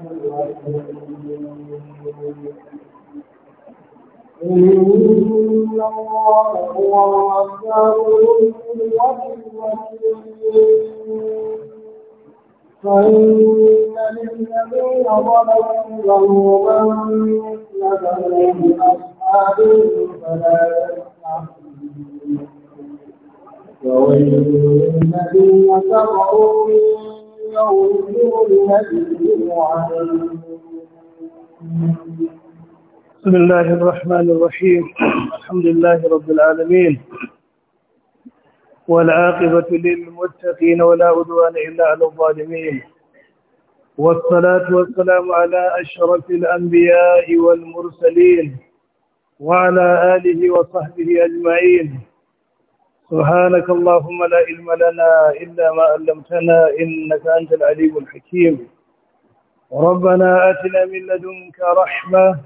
إن الله هو الغفور والرحيم فإن للذين ظلموا ذنوبا مثل ذنوب أصحابهم فلا يستحسنون وويل للذين كفروا بسم الله الرحمن الرحيم الحمد لله رب العالمين والعاقبة للمتقين ولا عدوان إلا على الظالمين والصلاة والسلام على أشرف الأنبياء والمرسلين وعلى آله وصحبه أجمعين سبحانك اللهم لا علم لنا إلا ما علمتنا إنك أنت العليم الحكيم ربنا آتنا من لدنك رحمة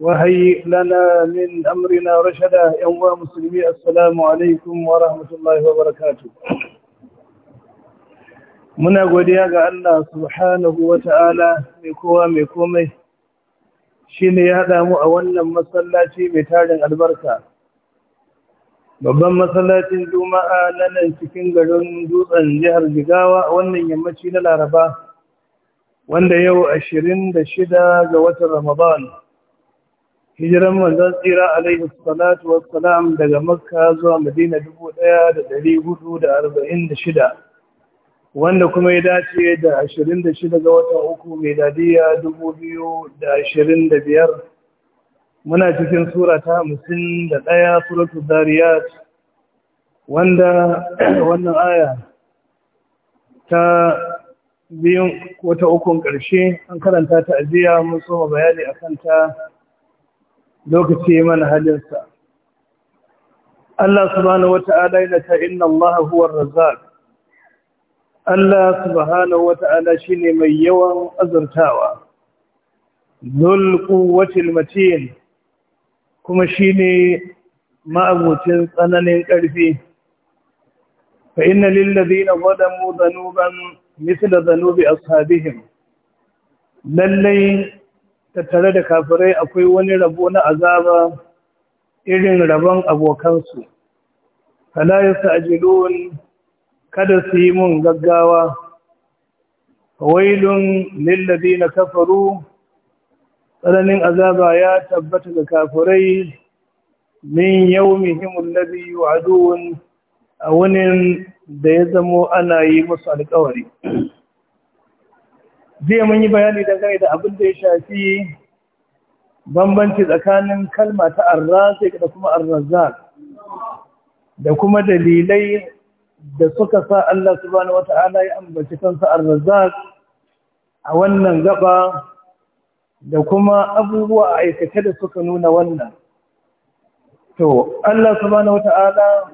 وهيئ لنا من أمرنا رشدا يا مسلمي السلام عليكم ورحمة الله وبركاته muna godiya ga Allah subhanahu wa ta'ala mai kowa mai komai shi ne ya haɗa mu a wannan masallaci mai tarin albarka babban masallacin juma'a na nan cikin garin dutsen jihar jigawa wannan yammaci na laraba wanda yau 26 ga watan ramadan hijiran mazan tsira alaihi salatu wassalam daga makka zuwa madina dubu ɗaya da ɗari da arba'in wanda kuma ya dace da ashirin da ga watan uku mai dadiya dubu da ashirin da biyar muna cikin sura ta hamsin da ɗaya suratu zariyat wanda wannan aya ta biyun wata ukun ƙarshe an karanta ta ajiya mun soma bayani a kanta lokaci mana halinsa Allah subhanahu wata'ala yana ta inna Allah huwa razzaq Allah subhanahu wata'ala shine mai yawan azurtawa dhul quwwatil matin kuma shi ne ma'abucin tsananin ƙarfi fa inna lillazina zalamu dhanuban a dhanubi ashabihim lallai tare da kafirai akwai wani rabo na azaba irin rabon abokansu fala yasta'jilun kada su yi mun gaggawa wailun na kafaru tsananin azaba ya tabbata ga kafirai min yawmihim alladhi yu'adun a wani da ya zamo ana yi musu alƙawari zai mun yi bayani dangane da abin da ya shafi bambanci tsakanin kalma ta arrazi da kuma arrazak da kuma dalilai da suka sa Allah subhanahu wata'ala ya ambaci kansa arrazak a wannan gaba da kuma abubuwa a aikace da suka nuna wannan to Allah subhanahu wata'ala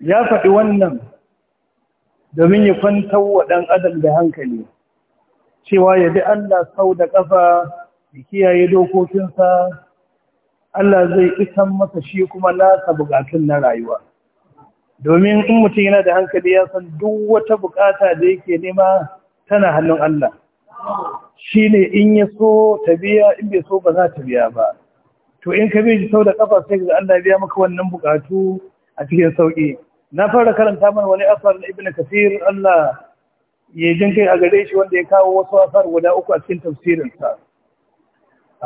ya faɗi wannan domin ya kwantar wa ɗan adam da hankali cewa ya bi Allah sau da ƙafa da kiyaye dokokinsa Allah zai isan masa shi kuma nasa buƙatun na rayuwa domin in mutum yana da hankali ya san duk wata buƙata da yake nema tana hannun Allah Shi ne in ya so ta biya in bai so ba za ta biya ba to in ka bi sau da kafa sai ga Allah biya maka wannan bukatu a cikin sauki na fara karanta mana wani asar na ibnu kasir Allah ya jin kai a gare shi wanda ya kawo wasu asar guda uku a cikin tafsirin sa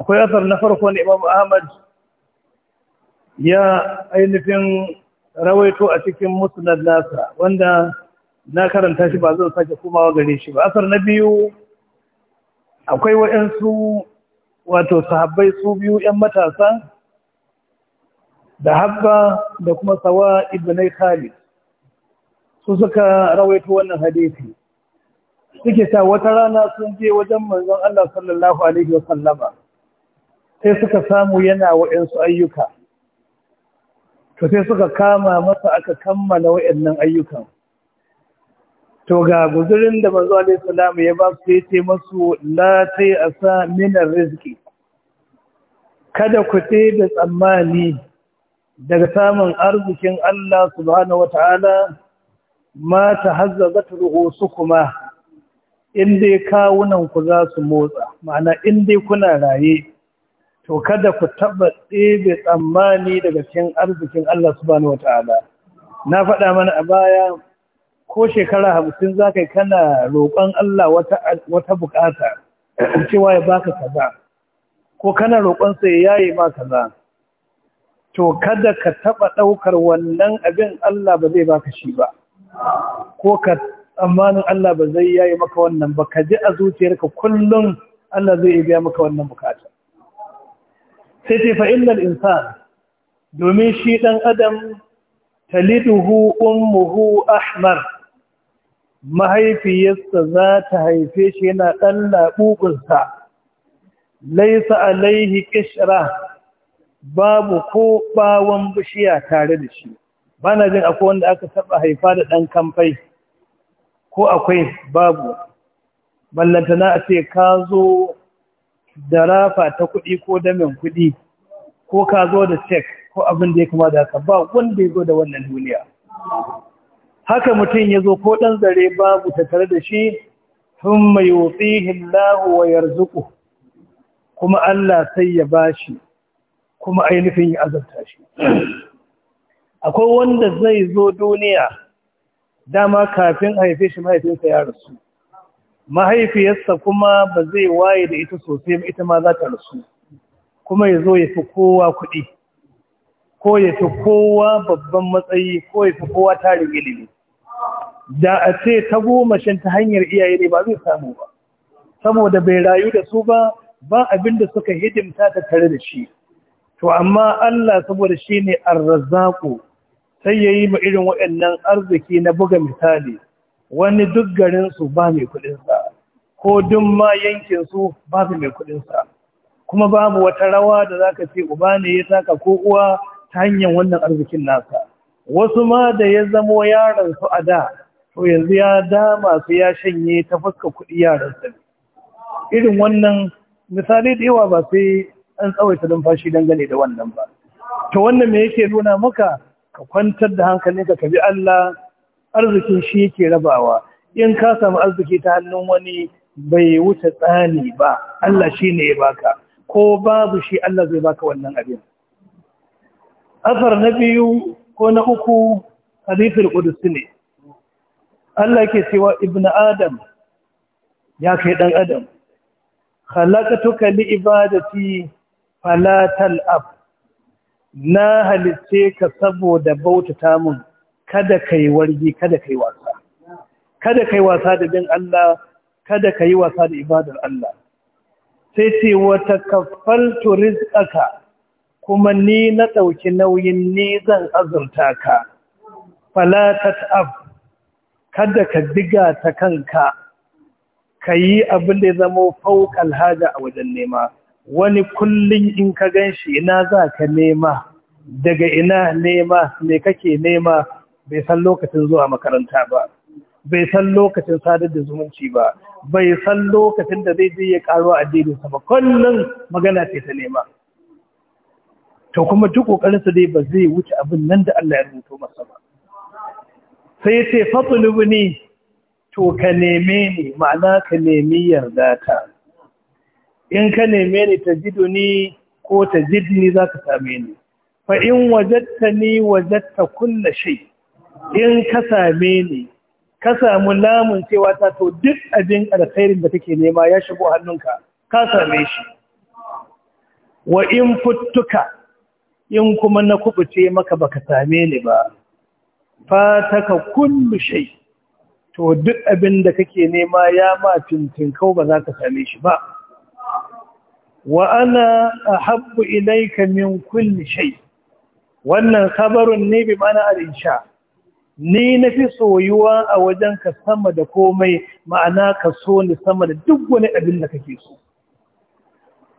akwai asar na farko na Imam Ahmad ya ainihin rawaito a cikin musnad nasa wanda na karanta shi ba zan sake komawa gare shi ba asar na biyu akwai waɗansu wato sahabbai su biyu 'yan matasa da habba da kuma sawa ibnai khalid su suka rawaito wannan hadisi suke ta wata rana sun je wajen manzon Allah sallallahu alaihi wasallama sai suka samu yana waɗansu ayyuka to sai suka kama masa aka kammala waɗannan ayyukan to ga guzurin da manzo Alayhi salamu ya ba su yace masu la a asa min arziki kada ku ɗebe da tsammani daga samun arzikin Allah subhanahu wataala ma tahazzazat ruhusukuma in dai kawunan ku za su motsa ma'ana in dai kuna raye to kada ku taba tsebe tsammani daga cikin arzikin Allah subhanahu wataala na faɗa mana a baya ko shekara hamsin za ka yi kana roƙon Allah wata buƙata cewa ya baka kaza ko kana roƙonsa ya yaye ma kaza to kada ka taɓa ɗaukar wannan abin Allah ba zai baka shi ba ko ka tsammanin Allah ba zai yaye maka wannan ba ka ji a zuciyarka kullum Allah zai biya maka wannan bukata sai ce fa innal insan domin shi ɗan adam taliduhu ummuhu ahmar mahaifiyarsa za ta haife shi yana ɗan laɓuɓinsa laisa alaihi ƙishira babu ko ɓawon bishiya tare da shi ba na jin akwai wanda aka taɓa haifa da ɗan kamfai ko akwai babu ballantana a ce ka zo da rafa ta kuɗi ko damin kuɗi ko ka zo da cek ko abin da ya kama da haka ba wanda ya zo da wannan duniya haka mutum ya zo ko ɗan zare babu tattare da shi sun mai wutsihin Hillahu wa yarzuku kuma Allah sai ya ba shi kuma ainihin ya azabta shi akwai wanda zai zo duniya dama kafin haife shi mahaifinsa ya rasu mahaifiyarsa kuma ba zai waye da ita sosai ba ita ma za ta rasu kuma ya zo ya fi kowa kuɗi ko ya fi kowa babban matsayi ko ya fi kowa tarin ilimi da a ce ta goma shan ta hanyar iyaye ne ba zai samu ba saboda bai rayu da su ba ba abin da suka hidimta ta tare da shi to amma Allah saboda shi ne arrazaku sai ya yi ma irin waɗannan arziki na buga misali wani duk garinsu ba mai kuɗinsa ko duk ma yankinsu ba su mai kuɗinsa kuma babu wata rawa da za ka ce uba ne ya taka ko uwa ta hanyar wannan arzikin nasa wasu ma da ya zamo su a da to yanzu ya dama su ya shanye ta fuska kuɗi yaransa irin wannan misali da yawa ba sai an tsawaita numfashi dangane da wannan ba to wannan me yake nuna maka ka kwantar da hankalinka ka bi Allah arzikin shi yake rabawa in ka samu arziki ta hannun wani bai wuce tsani ba Allah shi ne ya baka ko babu shi Allah zai baka wannan abin asar na biyu ko na uku hadithul qudsi ne Allah ke cewa ibn adam ya kai dan adam khalaqtuka li ibadati fala tal'ab na halice ka saboda bautata mun kada kai wargi kada kai wasa kada kai wasa da bin Allah kada kai wasa da ibadar Allah sai ce wa takaffaltu rizqaka kuma ni na dauki nauyin ni zan azurta ka fala tat'ab kada ka diga ta kanka ka yi abin da ya zama fauk alhaja a wajen nema wani kullum in ka gan shi ina za ka nema daga ina nema ne kake nema bai san lokacin zuwa makaranta ba bai san lokacin sadar da zumunci ba bai san lokacin da zai je ya karo addininsa ba kullum magana ce ta nema to kuma duk kokarinsa dai ba zai wuce abin nan da Allah ya rubuto masa ba sai ya ce fatulubni to ka neme ni ma'ana ka nemi yarda ta in ka neme ni ta ni ko ta jidni za ka same ni fa in wajatta ni wajatta kulla shi in ka same ni ka samu lamun cewa ta to duk abin alkhairin da kake nema ya shigo hannunka ka same shi wa in futtuka in kuma na kubuce maka baka same ni ba fataka kullu shay to duk abin da kake nema ya ma kau ba za ka same shi ba wa ana ahabbu ilayka min kulli shay wannan khabarun ne bi ma'ana al-insha ni nafi soyuwa a wajen ka sama da komai ma'ana ka so ni sama da duk wani abin da kake so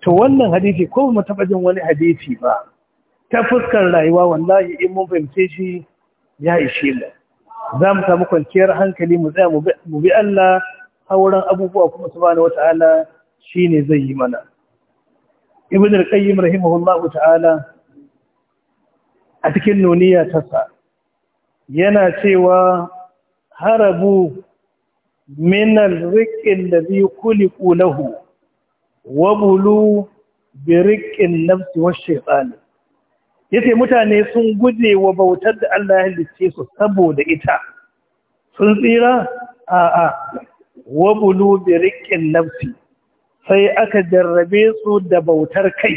to wannan hadisi ko mu taba jin wani hadisi ba ta fuskar rayuwa wallahi in mun fahimce shi ya ishe mu za mu samu kwanciyar hankali mu tsaya mu bi Allah hauran abubuwa kuma subhanahu wata'ala shine zai yi mana ibn al-qayyim rahimahullahu ta'ala a cikin nuniya ta sa yana cewa harabu min al-riqqin ladhi khuliqu lahu wa bulu bi riqqin nafsi wash shaytan yace mutane sun guje wa bautar da Allah ya halice su saboda ita sun tsira a a wa bulu bi riqqin nafsi sai aka jarrabe su da bautar kai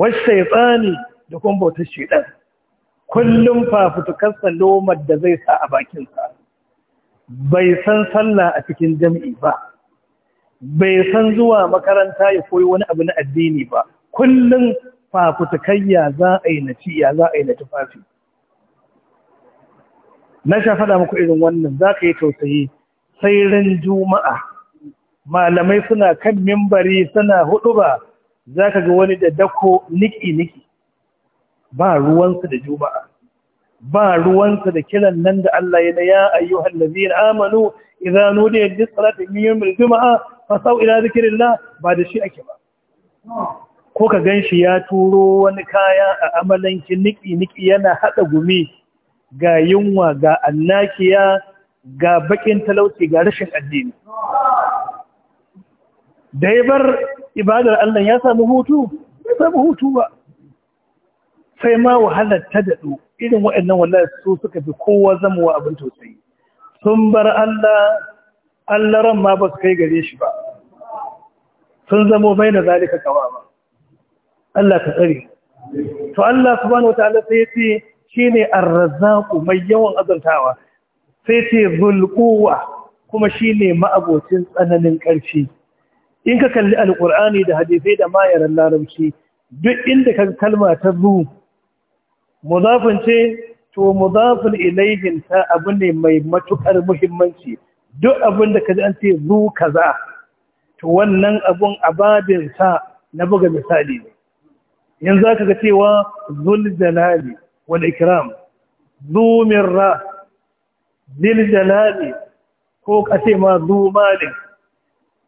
wa shaytani da kuma bautar shaytan kullum fafutukarsa lomar da zai sa a bakinsa bai san sallah a cikin jami'i ba bai san zuwa makaranta ya koyi wani abu na addini ba kullum fafutukayya za a yi na ciya za a yi na tufafi na sha muku irin wannan za ka yi tausayi sai ran juma'a malamai suna kan mimbari suna hudu ba za ka ga wani da dako niki-niki ba ruwansu da juma'a ba ruwansa da kiran nan da Allah ya na ya ayyuhan lazina amanu yadda nudiya yi yi yawmil juma'a Fasau, Ina zikirin na? ba da shi ake ba ko ka gan shi ya turo wani kaya a amalanki niki-niki yana haɗa gumi ga yunwa ga annakiya ga bakin talauci ga rashin addini da ya bar ibadar Allah ya samu hutu ya samu hutu ba sai ma wahalar ta daɗo irin waɗannan wallahi su suka fi kowa zama wa abin tausayi sun bar Allah Allah ran ma ba su kai gare shi ba sun zamo bai da zalika kawa ba Allah ka tsare to Allah subhanahu wataala sai yace shine ar-razzaq mai yawan azantawa sai yace zul kuma shine ma'abocin tsananin ƙarfi in ka kalli alqur'ani da hadisi da mayaran larabci duk inda ka kalma ta zu mudafin ce to mudafin ilaihin ta abu ne mai matuƙar muhimmanci duk abin da ka ji an ce zu kaza to wannan abun ababin sa na buga misali ne yanzu aka ga cewa zul jalali wal ikram zu mirra jalali ko ka ce ma zu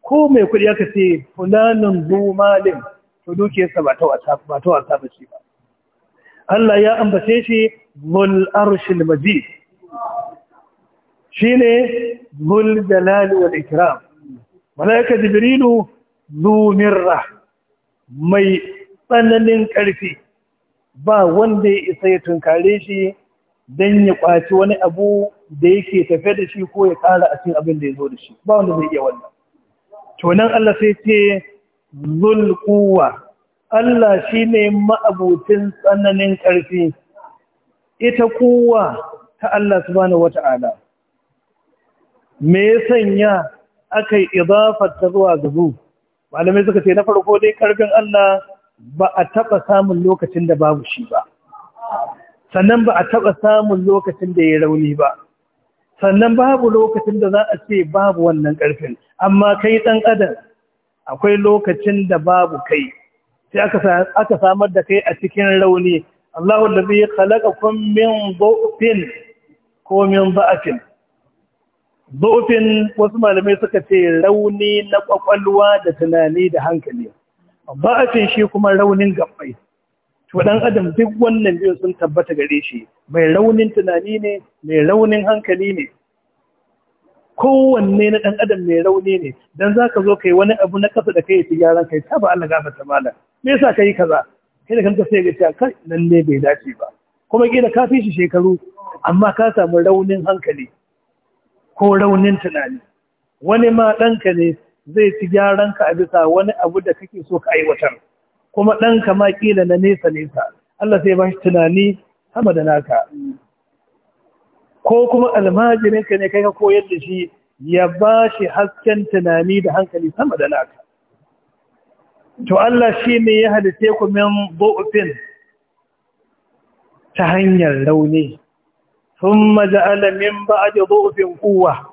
ko mai kudi aka ce fulanin zu malin to sa ba ta wasa ba ta bace ba Allah ya ambace shi zul arshil majid shine zul jalali wal ikram malaika jibrilu zu mai tsananin ƙarfi ba wanda ya isa ya tunkare shi don ya ƙwaci wani abu da yake tafe da shi ko ya ƙara a cin abin da ya zo da shi ba wanda zai iya wannan tunan Allah sai ce zulkuwa Allah shi ne ma'abucin tsananin ƙarfi ita kuwa ta Allah su wata wata'ala me ya sanya aka yi ta zuwa ga zu malamai suka ce na farko dai ƙarfin Allah ba a taɓa samun lokacin da babu shi ba sannan ba a taɓa samun lokacin da ya rauni ba sannan babu lokacin da za a ce babu wannan ƙarfin amma kai ɗan adam akwai lokacin da babu kai sai aka samar da kai a cikin rauni Allah da zai halaka kun min zo'ufin ko min ba'afin. zo'ufin wasu malamai suka ce rauni na ƙwaƙwalwa da tunani da hankali ba'afin shi kuma raunin gabbai to dan adam duk wannan biyu sun tabbata gare shi mai raunin tunani ne mai raunin hankali ne kowanne na dan adam mai rauni ne dan zaka zo kai wani abu na kasa da kai ta gyaran kai ta ba Allah gafa mala me yasa kai kaza kai da kanka sai ga ta nan ne bai dace ba kuma kila ka fi shi shekaru amma ka samu raunin hankali ko raunin tunani wani ma ɗanka ne zai ci gyaran ka a bisa wani abu da kake so ka aiwatar kuma ɗan ka ma kila na nesa nesa Allah sai ba shi tunani sama da naka ko kuma almajirin ka ne kai ka koyar da shi ya ba shi hasken tunani da hankali sama da naka to Allah shi ne ya halice ku min bu'fin ta hanyar rauni ثم جعل من بعد ضعف kuwa.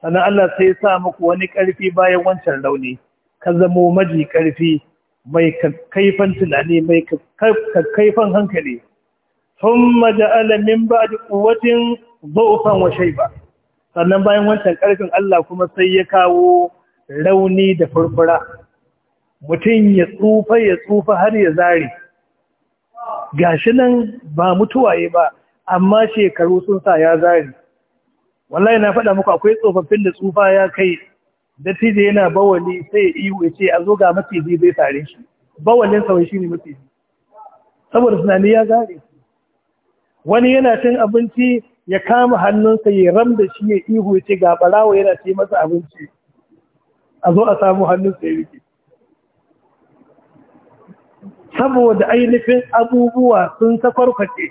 sannan Allah sai ya sa muku wani ƙarfi bayan wancan rauni ka zamo maji ƙarfi mai kaifan tunani mai kaifan hankali Tun ja'ala min da quwwatin zo'ufan wa ba. sannan bayan wancan ƙarfin Allah kuma sai ya kawo rauni da furfura mutum ya tsufa ya tsufa har ya zare gashi nan ba mutuwaye ba amma shekaru sun sa ya zare wallahi na faɗa muku akwai tsofaffin da tsufa ya kai dattijo yana bawali sai ya ya ce a zo ga maciji zai sare shi bawalin sa shi ne maciji saboda tunani ya gare wani yana cin abinci ya kama hannunsa ya ram da shi ya iyo ya ce ga barawa yana ce masa abinci a zo a samu hannunsa ya rike saboda ainihin abubuwa sun sakwarkwace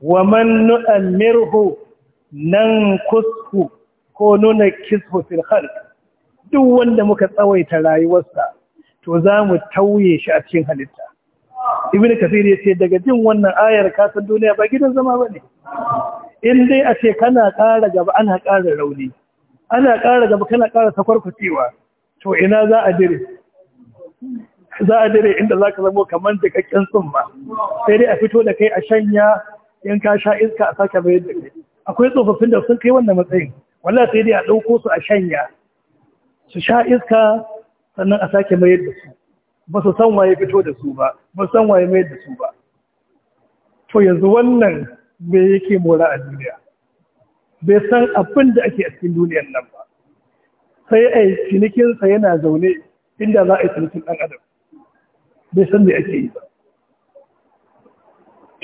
wa man nu'ammirhu nan kusku ko nuna kisku fil duk wanda muka tsawaita rayuwarsa to za mu tauye shi a cikin halitta ibn kasir ya ce daga jin wannan ayar san duniya ba gidan zama bane in dai a ce kana ƙara gaba ana ƙara rauni ana ƙara gaba kana ƙara sakwarkucewa to ina za a dire za a dire inda za ka zamo kamar da kakken tsumma sai dai a fito da kai a shanya in ka sha iska a sake bayar da kai akwai tsofaffin da sun kai wannan matsayin walla sai dai a ɗauko su a shanya su sha iska sannan a sake mayar da su ba su san waye fito da su ba ba su san waye mayar da su ba to yanzu wannan me yake mora a duniya bai san abin da ake a cikin duniyar nan ba sai a cinikinsa yana zaune inda za a yi cinikin ɗan adam bai san me ake yi ba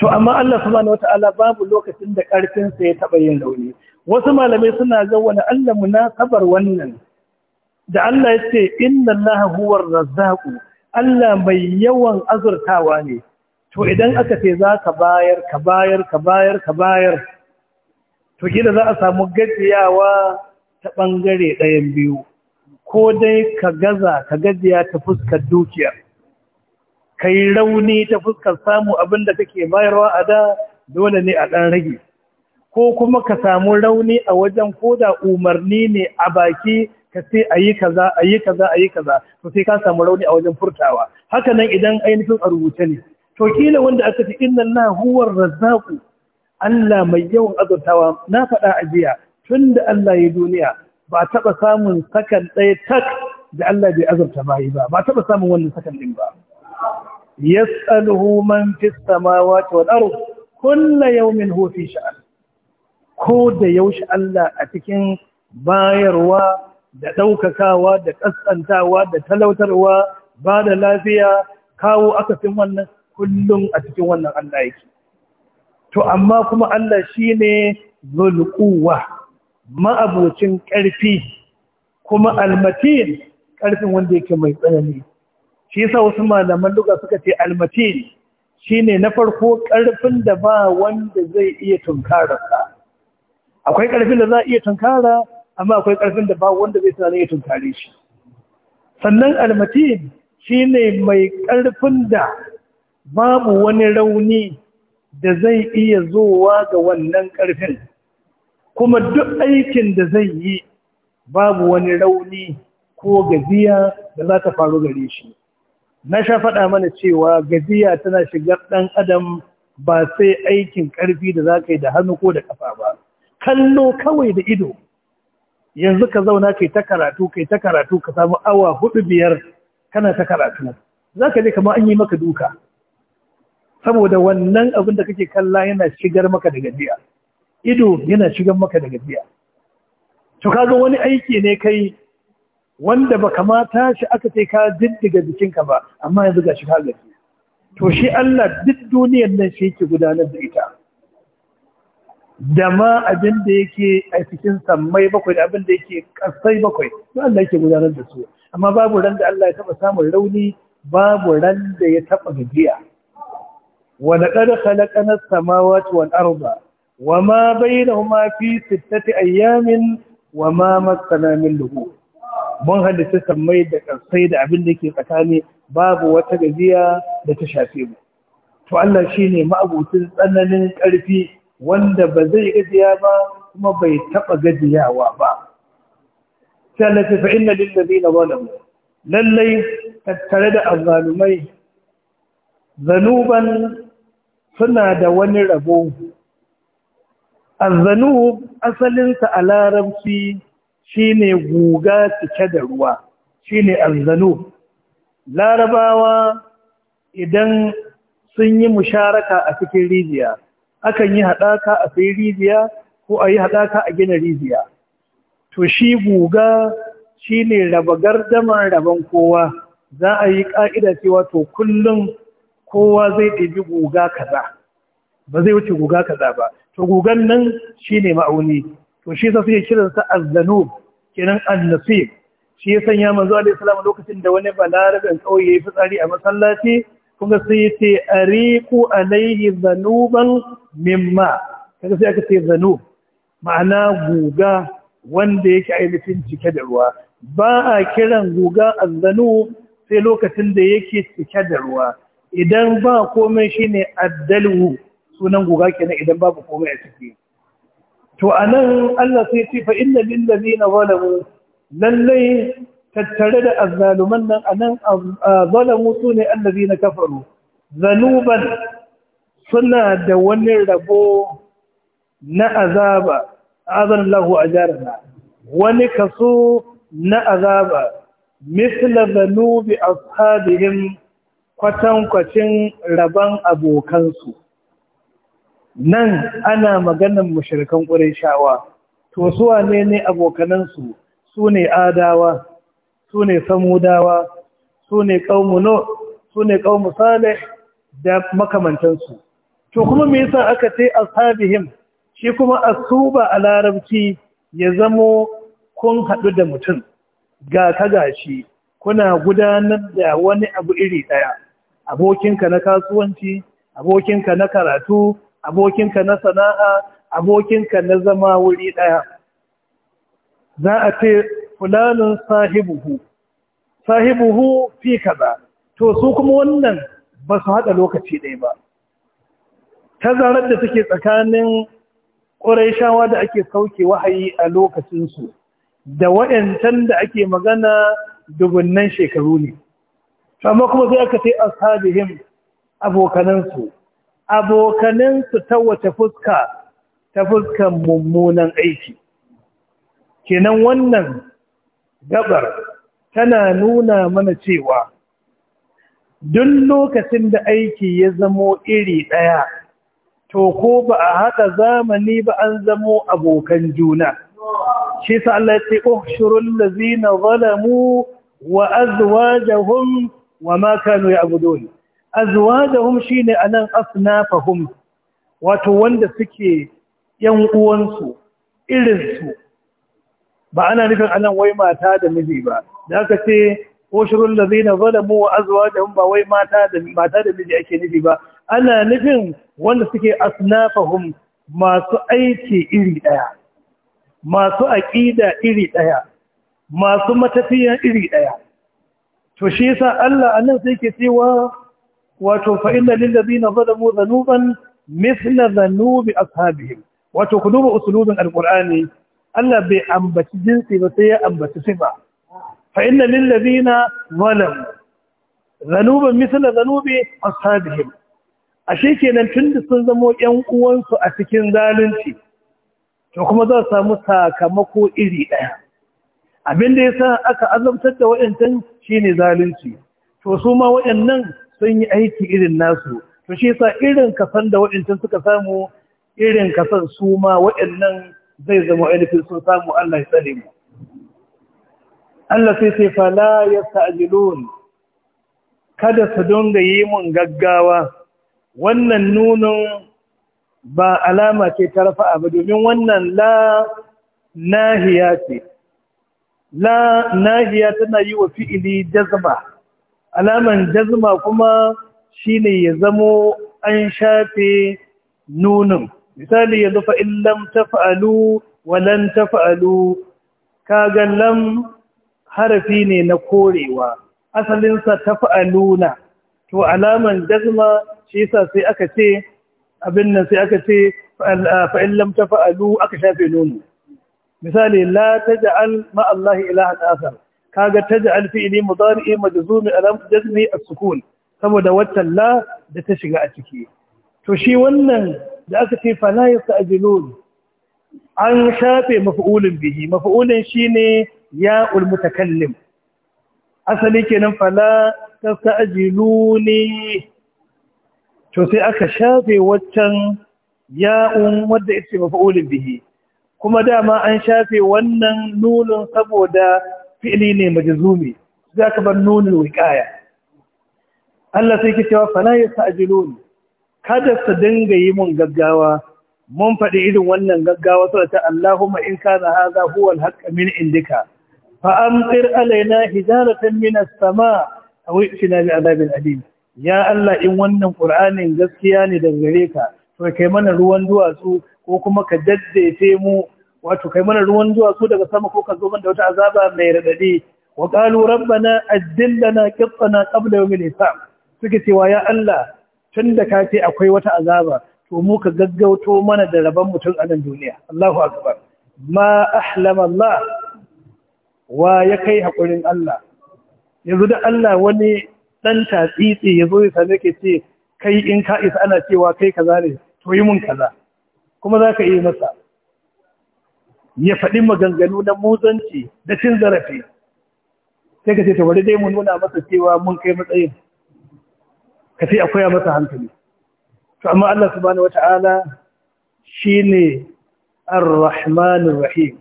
to amma Allah subhanahu wataala babu lokacin da ƙarfinsa ya taɓa yin rauni wasu malamai suna ga wani Allah munasabar wannan da Allah yace inna Allah huwar razzaq Allah mai yawan azurtawa ne to idan aka ce za ka bayar ka bayar ka bayar ka bayar to gida za a samu gajiyawa ta ɓangare ɗayan biyu ko dai ka gaza ka gajiya ta fuskar dukiyar kai rauni ta fuskar samu abin da kake bayarwa a da dole ne a ɗan rage ko kuma ka samu rauni a wajen ko da umarni ne a baki ka ce a yi kaza a yi kaza a yi kaza to sai ka samu rauni a wajen furtawa haka nan idan ainihin a rubuce ne to kila wanda aka fi inna na huwar razzaku Allah mai yawan azurtawa na faɗa a jiya tun da Allah ya duniya ba taɓa samun sakan ɗaya tak da Allah bai azurta bayi ba ba taɓa samun wannan sakan ɗin ba yas'aluhu man fi samawati wal ard kullu yawmin huwa fi sha'an ko da yaushe Allah a cikin bayarwa da daukakawa da kasantawa da talautarwa ba da lafiya kawo akasin wannan kullum a cikin wannan Allah yake to amma kuma Allah shine zulquwa ma'abucin ƙarfi kuma almatin ƙarfin wanda yake mai tsanani shi yasa wasu malaman duka suka ce almatin shine na farko karfin da ba wanda zai iya tunkara akwai karfin da za a iya tunkara amma akwai karfin da ba wanda zai tsara iya tunkare shi sannan almatin shine mai ƙarfin da babu wani rauni da zai iya zowa ga wannan ƙarfin, kuma duk aikin da zai yi babu wani rauni ko gajiya da za ta faru gare shi na sha faɗa mana cewa gajiya tana shigar ɗan adam ba sai aikin ƙarfi da za ka yi da hannu ko da ƙafa ba kallo kawai da ido yanzu ka zauna kai ta karatu kai ta karatu ka samu awa hudu biyar kana ta karatu za ka je kamar an yi maka duka saboda wannan abin da kake kalla yana shigar maka da gajiya ido yana shigar maka da gajiya to kaga wani aiki ne kai wanda ba kamata shi aka ce ka diddiga jikinka ba amma yanzu ga shi ka gaji to shi Allah duk duniyar nan shi yake gudanar da ita da ma abin da yake a cikin sammai bakwai da abin da yake kasai bakwai to Allah yake gudanar da su amma babu ran da Allah ya taba samun rauni babu ran da ya taba gajiya wa laqad khalaqana as-samawati wal arda wama bainahuma fi sittati ayyamin wa ma min lughub mun halitta mai da ƙarsai da abin da ke tsakani babu wata gajiya da ta shafe mu to Allah shine ma'abucin tsananin ƙarfi wanda ba zai gajiya ba kuma bai taɓa gajiyawa ba sai Allah na fa inna lil ladina zalamu lallai tattare da azzalumai zanuban suna da wani rabo azzanub asalinsa a larabci shine guga cike da ruwa shine alzanu larabawa idan sun yi musharaka a cikin rijiya akan yi haɗaka a cikin rijiya ko a yi haɗaka a gina rijiya to shi guga shine raba gardamar raban kowa za a yi ƙa'ida cewa to kullum kowa zai ɗabi guga kaza ba zai wuce guga kaza ba to gugan nan shine ma'auni to shi yasa suke kiransa az-zanub kenan an-nasib shi ya sanya manzo alaihi salam lokacin da wani balarabin kauye yayi fitsari a masallaci kuma sai yace ariqu alaihi zanuban mimma kaga sai aka ce zanub ma'ana guga wanda yake ainihin cike da ruwa ba a kiran guga az-zanub sai lokacin da yake cike da ruwa idan ba komai shine addalu sunan guga kenan idan babu komai a ciki to anan Allah sai ce fa inna lil ladina zalamu lallai tattare da azzaluman nan anan zalamu sune alladina kafaru zanuban suna da wani rabo na azaba azan lahu ajarna wani kaso na azaba misla zanubi ashabihim kwatankwacin rabon abokansu nan ana maganan mushrikan ƙurishawa to su wane ne abokanansu su ne adawa su ne samudawa su ne ƙaumu su ne ƙaumu da makamantansu to kuma me yasa aka ce ashabihim shi kuma a asuba a larabci ya zamo kun haɗu da mutum ga ka gashi kuna gudanar da wani abu iri ɗaya abokinka na kasuwanci abokinka na karatu abokinka na sana'a abokinka na zama wuri ɗaya za a ce fulanin sahibuhu sahibuhu fi kaza to su kuma wannan ba su haɗa lokaci ɗaya ba tazarar da take tsakanin ƙuraishawa da ake sauke wahayi a lokacinsu da wayantan da ake magana dubunnan shekaru ne amma kuma sai aka sai ashabihim abokanansu abokaninsu ta wace fuska ta fuskan mummunan aiki kenan wannan gabar tana nuna mana cewa duk lokacin da aiki ya zamo iri ɗaya to ko ba a haɗa zamani ba an zamo abokan juna shi sa Allah ya ce uhshurul lazina zalamu wa jahun wa ya abu dole." azwajahum shine anan asnafahum wato wanda suke yan uwansu irin su ba ana nufin anan wai mata da miji ba da aka ce koshirul ladina zalamu wa azwajahum ba wai mata da mata da miji ake nufi ba ana nufin wanda suke asnafahum masu aiki iri daya masu aqida iri daya masu matafiya iri daya to shi yasa Allah anan sai ke cewa wato fa inna lil ladina zalamu dhanuban mithla dhanubi ashabihim wato ku duba usulubin alqur'ani Allah bai ambaci jinsi ba sai ya ambaci sifa fa inna lil ladina zalamu dhanuban mithla dhanubi ashabihim ashe kenan tunda sun zamo yan uwansu a cikin zalunci to kuma za su samu sakamako iri daya abin da yasa aka azabtar da waɗancan shine zalunci to su ma waɗannan sun yi aiki irin nasu to shi yasa irin kasan da waɗancan suka samu irin kasan su ma waɗannan zai zama ainihin sun samu Allah ya tsare mu Allah sai sai fala yasta'jilun kada su dinga yi mun gaggawa wannan nunin ba alama ce ta rafa ba domin wannan la nahiya ce la nahiya tana yi wa fi'ili jazba alaman jazma kuma shine ya zamo an shafe nunin misali ya fa in ta taf'alu wa ta taf'alu kaga harafi ne na korewa asalinsa na to alaman jazma shi yasa sai aka ce abin nan sai aka ce fa ta lam aka shafe nunin misali la taj'al al ma'allahi ilahan akhar kaga taj'al fi'li mudari'i majzumi alam jazmi as-sukun saboda watan la da ta shiga a ciki to shi wannan da aka ce fa la yasta'jilun an shafe maf'ulun bihi maf'ulun shine ya'ul mutakallim asali kenan fala tasta'jiluni to sai aka shafe waccan ya'un wadda ita maf'ulun bihi kuma dama an shafe wannan nunun saboda fi'li ne majzumi za ka bar nunin wiqaya Allah sai ke cewa fala yasajilun kada su dinga yi mun gaggawa mun faɗi irin wannan gaggawa sai ta Allahumma in kana hadha huwa al-haqq min indika fa amtir alaina hijaratan min as-sama' aw itina bi adabin adim ya Allah in wannan Qur'anin gaskiya ne daga gare ka to kai mana ruwan duwatsu ko kuma ka daddaife mu wato kai mana ruwan duwatsu daga sama ko ka zo da wata azaba mai radadi wa qalu rabbana addillana qitna qabla yawmil hisab suke cewa ya Allah tunda ka ce akwai wata azaba to mu ka gaggauto mana da rabon mutum a nan duniya Allahu akbar ma ahlama Allah wa ya kai hakurin Allah yanzu da Allah wani dan tatsitsi yazo ya same ke ce kai in ka isa ana cewa kai kaza ne to yi mun kaza kuma zaka yi masa ya faɗi maganganu na motsanci da cin zarafi sai ka ce ta wari dai mu nuna masa cewa mun kai matsayin ka sai akwai masa hankali to amma Allah subhanahu wata'ala shine ar-rahmanir rahim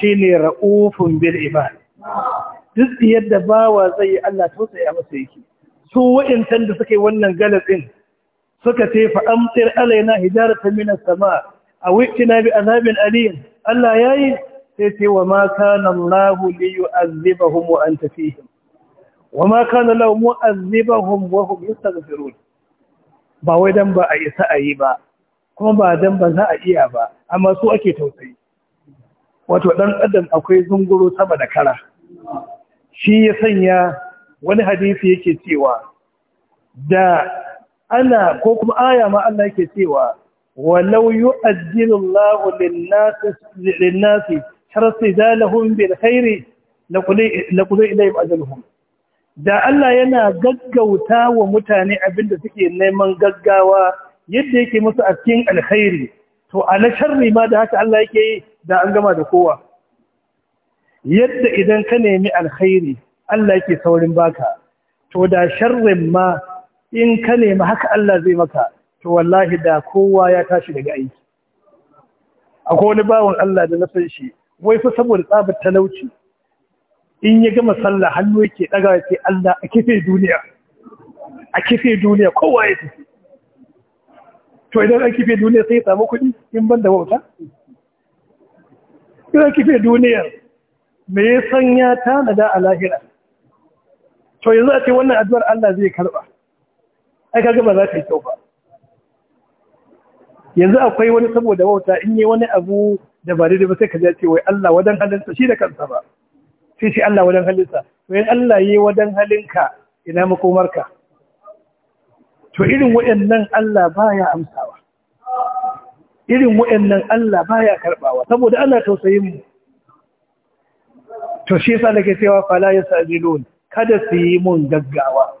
shine ra'ufun bil ibad duk yadda bawa zai yi Allah tausaya masa yake su wa'intan da suka yi wannan galatsin suka ce fa amtir alaina hijaratan minas sama' a wikina bi azabin aliyin Allah ya yi sai ce wa na lahu liyu li yu'azzibahum wa anta fihim wa ma kana law mu'azzibahum wa hum yastaghfirun ba wai dan ba a isa a yi ba kuma ba dan ba za a iya ba amma su ake tausayi wato ɗan adam akwai zunguro sama da kara shi ya sanya wani hadisi yake cewa da ana ko kuma aya ma Allah yake cewa ولو يؤجل الله للناس للناس harsidalahum bil khairi laqulu ilayhim ajaluhum da Allah yana gaggauta wa mutane abinda suke neman gaggawa yadda yake musu a cikin alkhairi to ala sharri ma da haka Allah yake da an gama da kowa yadda idan ka nemi alkhairi Allah yake saurin baka to da sharrin ma in ka nemi haka Allah zai maka to wallahi da kowa ya tashi daga aiki akwai wani bawan Allah da na san shi wai fa saboda tsabar talauci in ya gama sallah hannu yake daga yake Allah a kife duniya a kife duniya kowa ya tafi to idan an kife duniya sai ya samu kuɗi in ban da wauta idan kife duniya me ya san ya tanada a lahira to yanzu a ce wannan addu'ar Allah zai karba ai kaga ba za ta yi kyau ba yanzu akwai wani saboda wauta in yi wani abu da ba daidai ba sai ka ji ce wai Allah wadan halinsa shi da kansa ba sai shi Allah wadan halinsa Wai in Allah yi wadan halinka ina makomarka to irin waɗannan Allah baya amsawa irin waɗannan Allah baya karbawa saboda ana tausayin mu to shi yasa nake cewa fala yasalun kada su yi mun gaggawa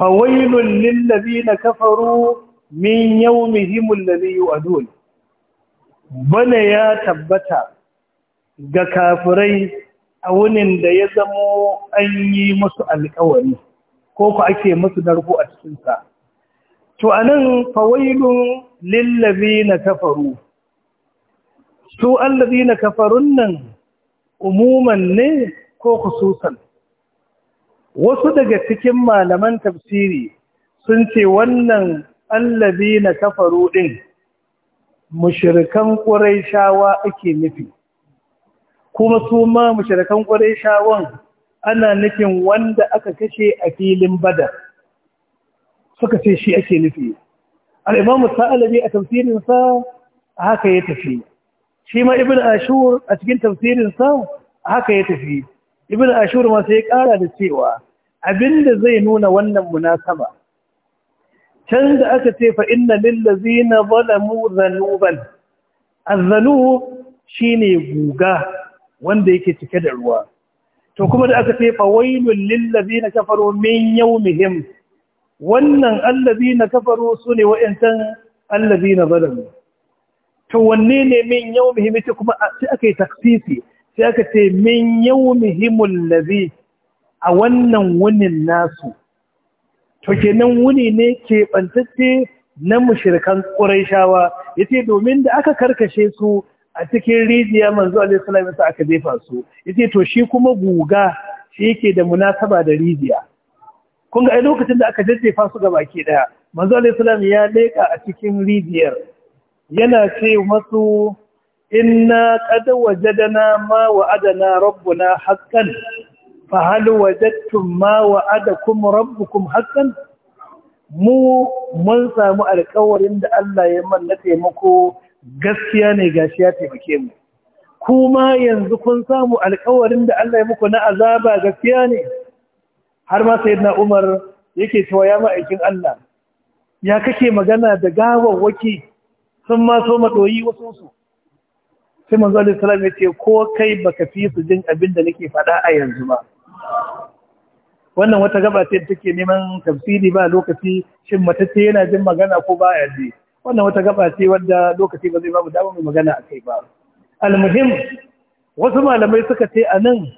fawailun lil ladina kafaru min yawmihim alladhi yu'adun bana ya tabbata ga kafirai a wunin da ya zamo an yi musu alƙawari ko ku ake musu narko a cikinsa. sa to anan fawailun lillabi na kafaru su alladina kafarun nan umuman ne ko khususan wasu daga cikin malaman tafsiri sun ce wannan allazina kafaru din mushrikan quraishawa ake nufi kuma su ma mushrikan quraishawan ana nufin wanda aka kashe a filin badar suka ce shi ake nufi al-imam sa'alabi a tafsirin sa haka ya tafi shi ma ibn ashur a cikin tafsirin sa haka ya tafi ibn ashur ma sai ya kara da cewa abinda zai nuna wannan munasaba can da aka ce fa inna lillazina zalamu zanuban shi ne guga wanda yake cike da ruwa to kuma da aka ce fa wailul lillazina kafaru min yawmihim wannan na kafaro allazina kafaru sune wa'antan na zalamu to wanne ne min yawmihim ita kuma sai aka yi taksisi sai aka ce min yawmihimul ladhi a wannan wunin nasu to kenan wuni ne ke keɓantacce na mushirkan Qurayshawa yace domin da aka karkashe su a cikin rijiya manzo alaihi salam yasa aka jefa su yace to shi kuma guga shi yake da munasaba da rijiya kun ga lokacin da aka jajjefa su ga baki daya manzo alaihi ya leka a cikin rijiyar yana ce masu inna qad wajadna ma wa'adana rabbuna haqqan fa hal wajadtum ma wa'adakum rabbukum haqqan mu mun samu alƙawarin da Allah ya manna taimako gaskiya ne gashi ya taimake mu kuma yanzu kun samu alƙawarin da Allah ya muku na azaba gaskiya ne har ma sayyidina Umar yake cewa ya ma'aikin Allah ya kake magana da gawawwaki sun ma so madoyi wasu su sai manzo Allah sallallahu alaihi wasallam ya ce ko kai baka fi su jin abin da nake faɗa a yanzu ba wannan wata gaba ce da take neman tafsiri ba lokaci shin matacce yana jin magana ko ba ya ji wannan wata gaba ce wadda lokaci ba zai babu dama mai magana a kai ba almuhim wasu malamai suka ce a nan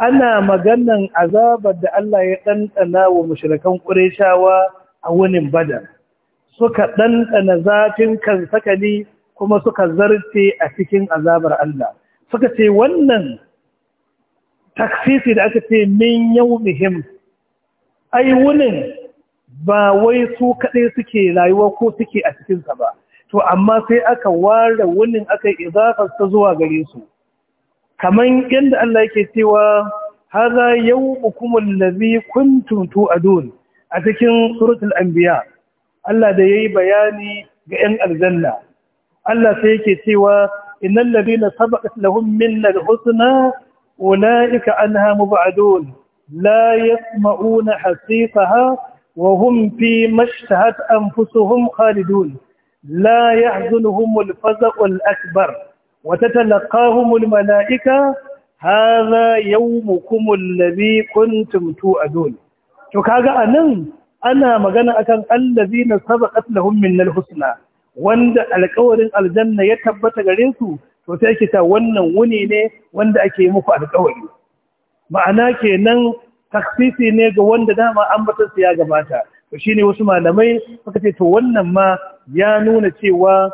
ana maganan azabar da Allah ya ɗanɗana wa mashirakan ƙureshawa a wunin Bada, suka ɗanɗana zafin kan sakali kuma suka zarce a cikin azabar Allah suka ce wannan taksisi da aka ce min muhim, ai wunin ba wai su kaɗai suke rayuwa ko suke a cikinsa ba to amma sai aka ware wunin aka yi idafarsa zuwa gare su kamar yadda Allah yake cewa haza yawmukum allazi kuntum tu'adun a cikin suratul anbiya Allah da yayi bayani ga 'yan aljanna Allah sai yake cewa innal ladina sabaqat lahum minna al-husna أولئك عنها مبعدون لا يسمعون حسيسها وهم فيما اشتهت أنفسهم خالدون لا يحزنهم الفزع الأكبر وتتلقاهم الملائكة هذا يومكم الذي كنتم توعدون تكاغا أنن أنا مغانا أكن الذين سبقت لهم من الحسنى وند القول الجنة يتبت غريسو to sai wannan wuni ne wanda ake muku alƙawari ma'ana kenan taksisi ne ga wanda dama ambatar ya gabata to shine wasu malamai suka ce to wannan ma ya nuna cewa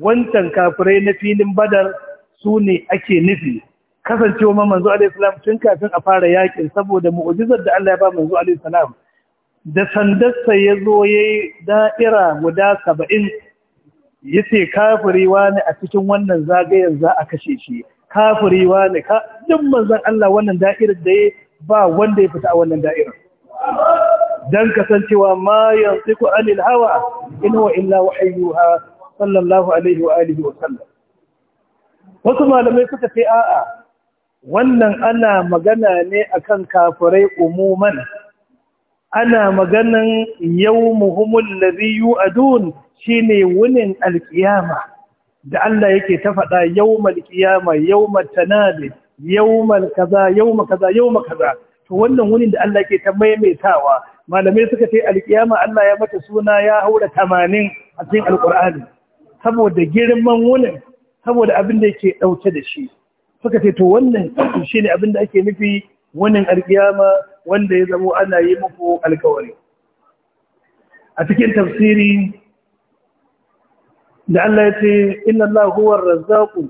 wancan kafirai na filin badar su ne ake nufi kasancewa ma manzo alaihi salam tun kafin a fara yakin saboda mu'jizar da Allah ya ba manzo alaihi salam da sandarsa ya zo yayi da'ira guda saba'in yace kafiri wani a cikin wannan zagayen za a kashe shi kafiri wani ka duk manzon Allah wannan da'irar da ya ba wanda ya fita a wannan da'irar dan kasancewa ma yantiku anil hawa in huwa illa wahyuha sallallahu alaihi wa alihi wa sallam wasu malamai suka ce a'a wannan ana magana ne akan kafirai umuman ana maganan yawmuhumul ladhi yu'adun Shi ne wunin alƙiyama da Allah yake ta faɗa yawmal qiyama yawmat tanabi yau kaza yau kaza yau kaza to wannan wunin da Allah yake ta maimaitawa malamai suka ce alkiyama Allah ya mata suna ya haura tamanin a cikin Alƙur'ani. saboda girman wunin saboda abin da yake ɗauke da shi suka ce to wannan shi ne abin da ake nufi wunin alkiyama wanda ya zamo ana yi muku alkawari a cikin tafsiri da Allah ya ce inna Allah huwar razzaqu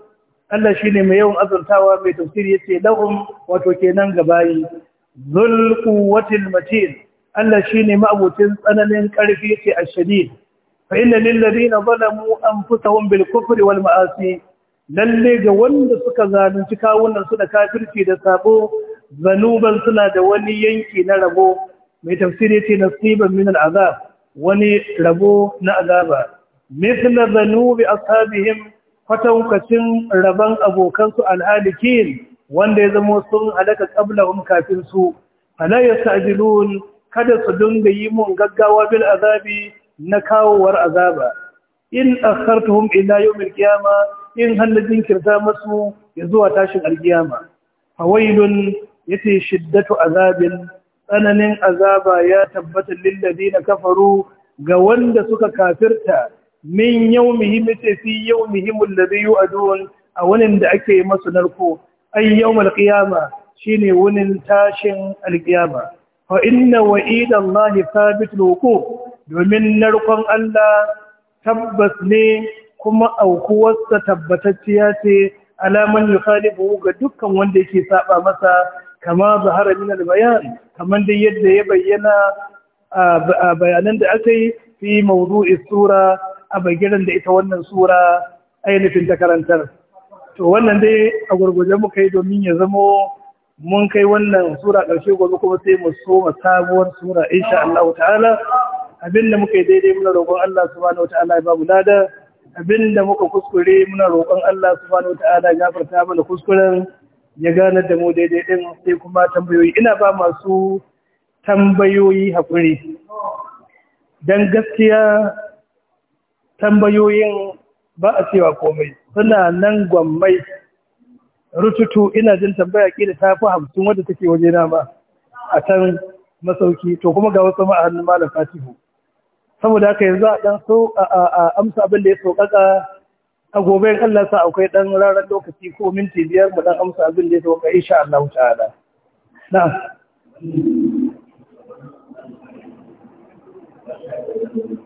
Allah shine mai yawan azurtawa mai tafsiri yace lahum wato kenan gabayi zul quwwatil matin Allah shine ma'abucin tsananin karfi yace ashadid fa inna lil ladina zalamu anfusahum bil kufri wal ma'asi lalle ga wanda suka zalunci kawunan su da kafirci da sabo zanuban suna da wani yanki na rabo mai tafsiri yace nasiban min al azab wani rabo na azaba mithla zanubi ashabihim kwatankacin rabon abokansu alhalikin wanda ya zama sun halaka qablahum kafin su fala yastajilun kada su dinga yi mun gaggawa bil azabi na kawowar azaba in akhartuhum ila yawmil qiyama in halladin kirta masu ya zuwa tashin alkiyama fawailun yace shiddatu azabin tsananin azaba ya tabbata lil ladina kafaru ga wanda suka kafirta min yawmihim yace fi yawmihim alladhi yu'adun a wannan da ake masu narko ay yawmal shi shine wunin tashin alƙiyama. fa inna wa'ida allahi thabit Loko, domin narkon Allah tabbas ne kuma aukuwarsa tabbatacciya ce alaman Khalifu ga dukkan wanda yake saba masa kama zahara haramin albayan kaman dai yadda ya bayyana a bayanan da aka yi fi mawdu'i sura a bagiran da ita wannan sura ainihin ta karantar to wannan dai a gurguje muka yi domin ya zamo mun kai wannan sura ƙarshe gobe kuma sai mu soma sabuwar sura insha Allah ta'ala abinda muka yi daidai muna roƙon Allah subhanahu wa ta'ala ya lada abinda muka kuskure muna roƙon Allah subhanahu wa ta'ala ya gafarta mana kuskuren ya gane da mu daidai din sai kuma tambayoyi ina ba masu tambayoyi haƙuri dan gaskiya tambayoyin ba a cewa komai suna nan gwammai rututu ina jin tambaya ƙila ta fi hamsin wadda take waje na ba a can masauki to kuma ga wasu ma'anin malam fatihu saboda haka yanzu a ɗan so a amsa abin da ya sauƙaƙa a gobe in Allah sa akwai ɗan raran lokaci ko minti biyar mu ɗan amsa abin da ya sauƙaƙa insha Allah ta'ala Thank you.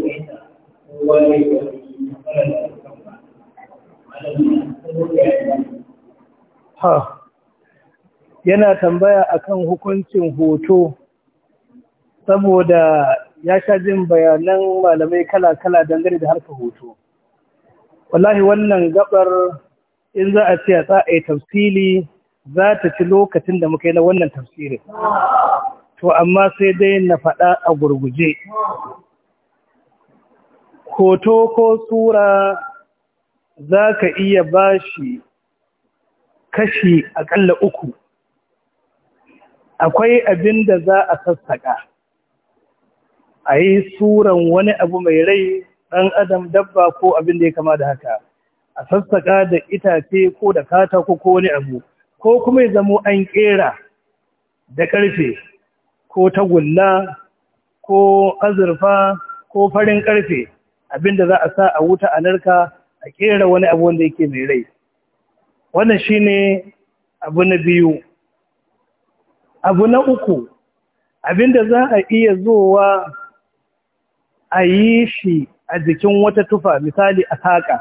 yana tambaya akan hukuncin hoto saboda ya sha jin bayanan malamai kala-kala dangane da harkar hoto wallahi wannan gabar in za a ce a tsa'ai tafsili za ta ci lokacin da muka yi na wannan tafsirin to amma sai dai na faɗa a gurguje hoto ko sura za ka iya bashi kashi aƙalla uku akwai abin da za a sassaƙa a yi suran wani abu mai rai ɗan adam dabba ko abin da ya kama da haka a sassaƙa da itace ko da katako ko wani abu ko kuma ya zamo an ƙera da ƙarfe ko tagulla ko azurfa ko farin ƙarfe abin da za a sa a wuta a narka a ƙera wani abu wanda yake mai rai wannan shi ne abu na biyu abu na uku abinda za a iya zowa a yi shi a jikin wata tufa misali a saƙa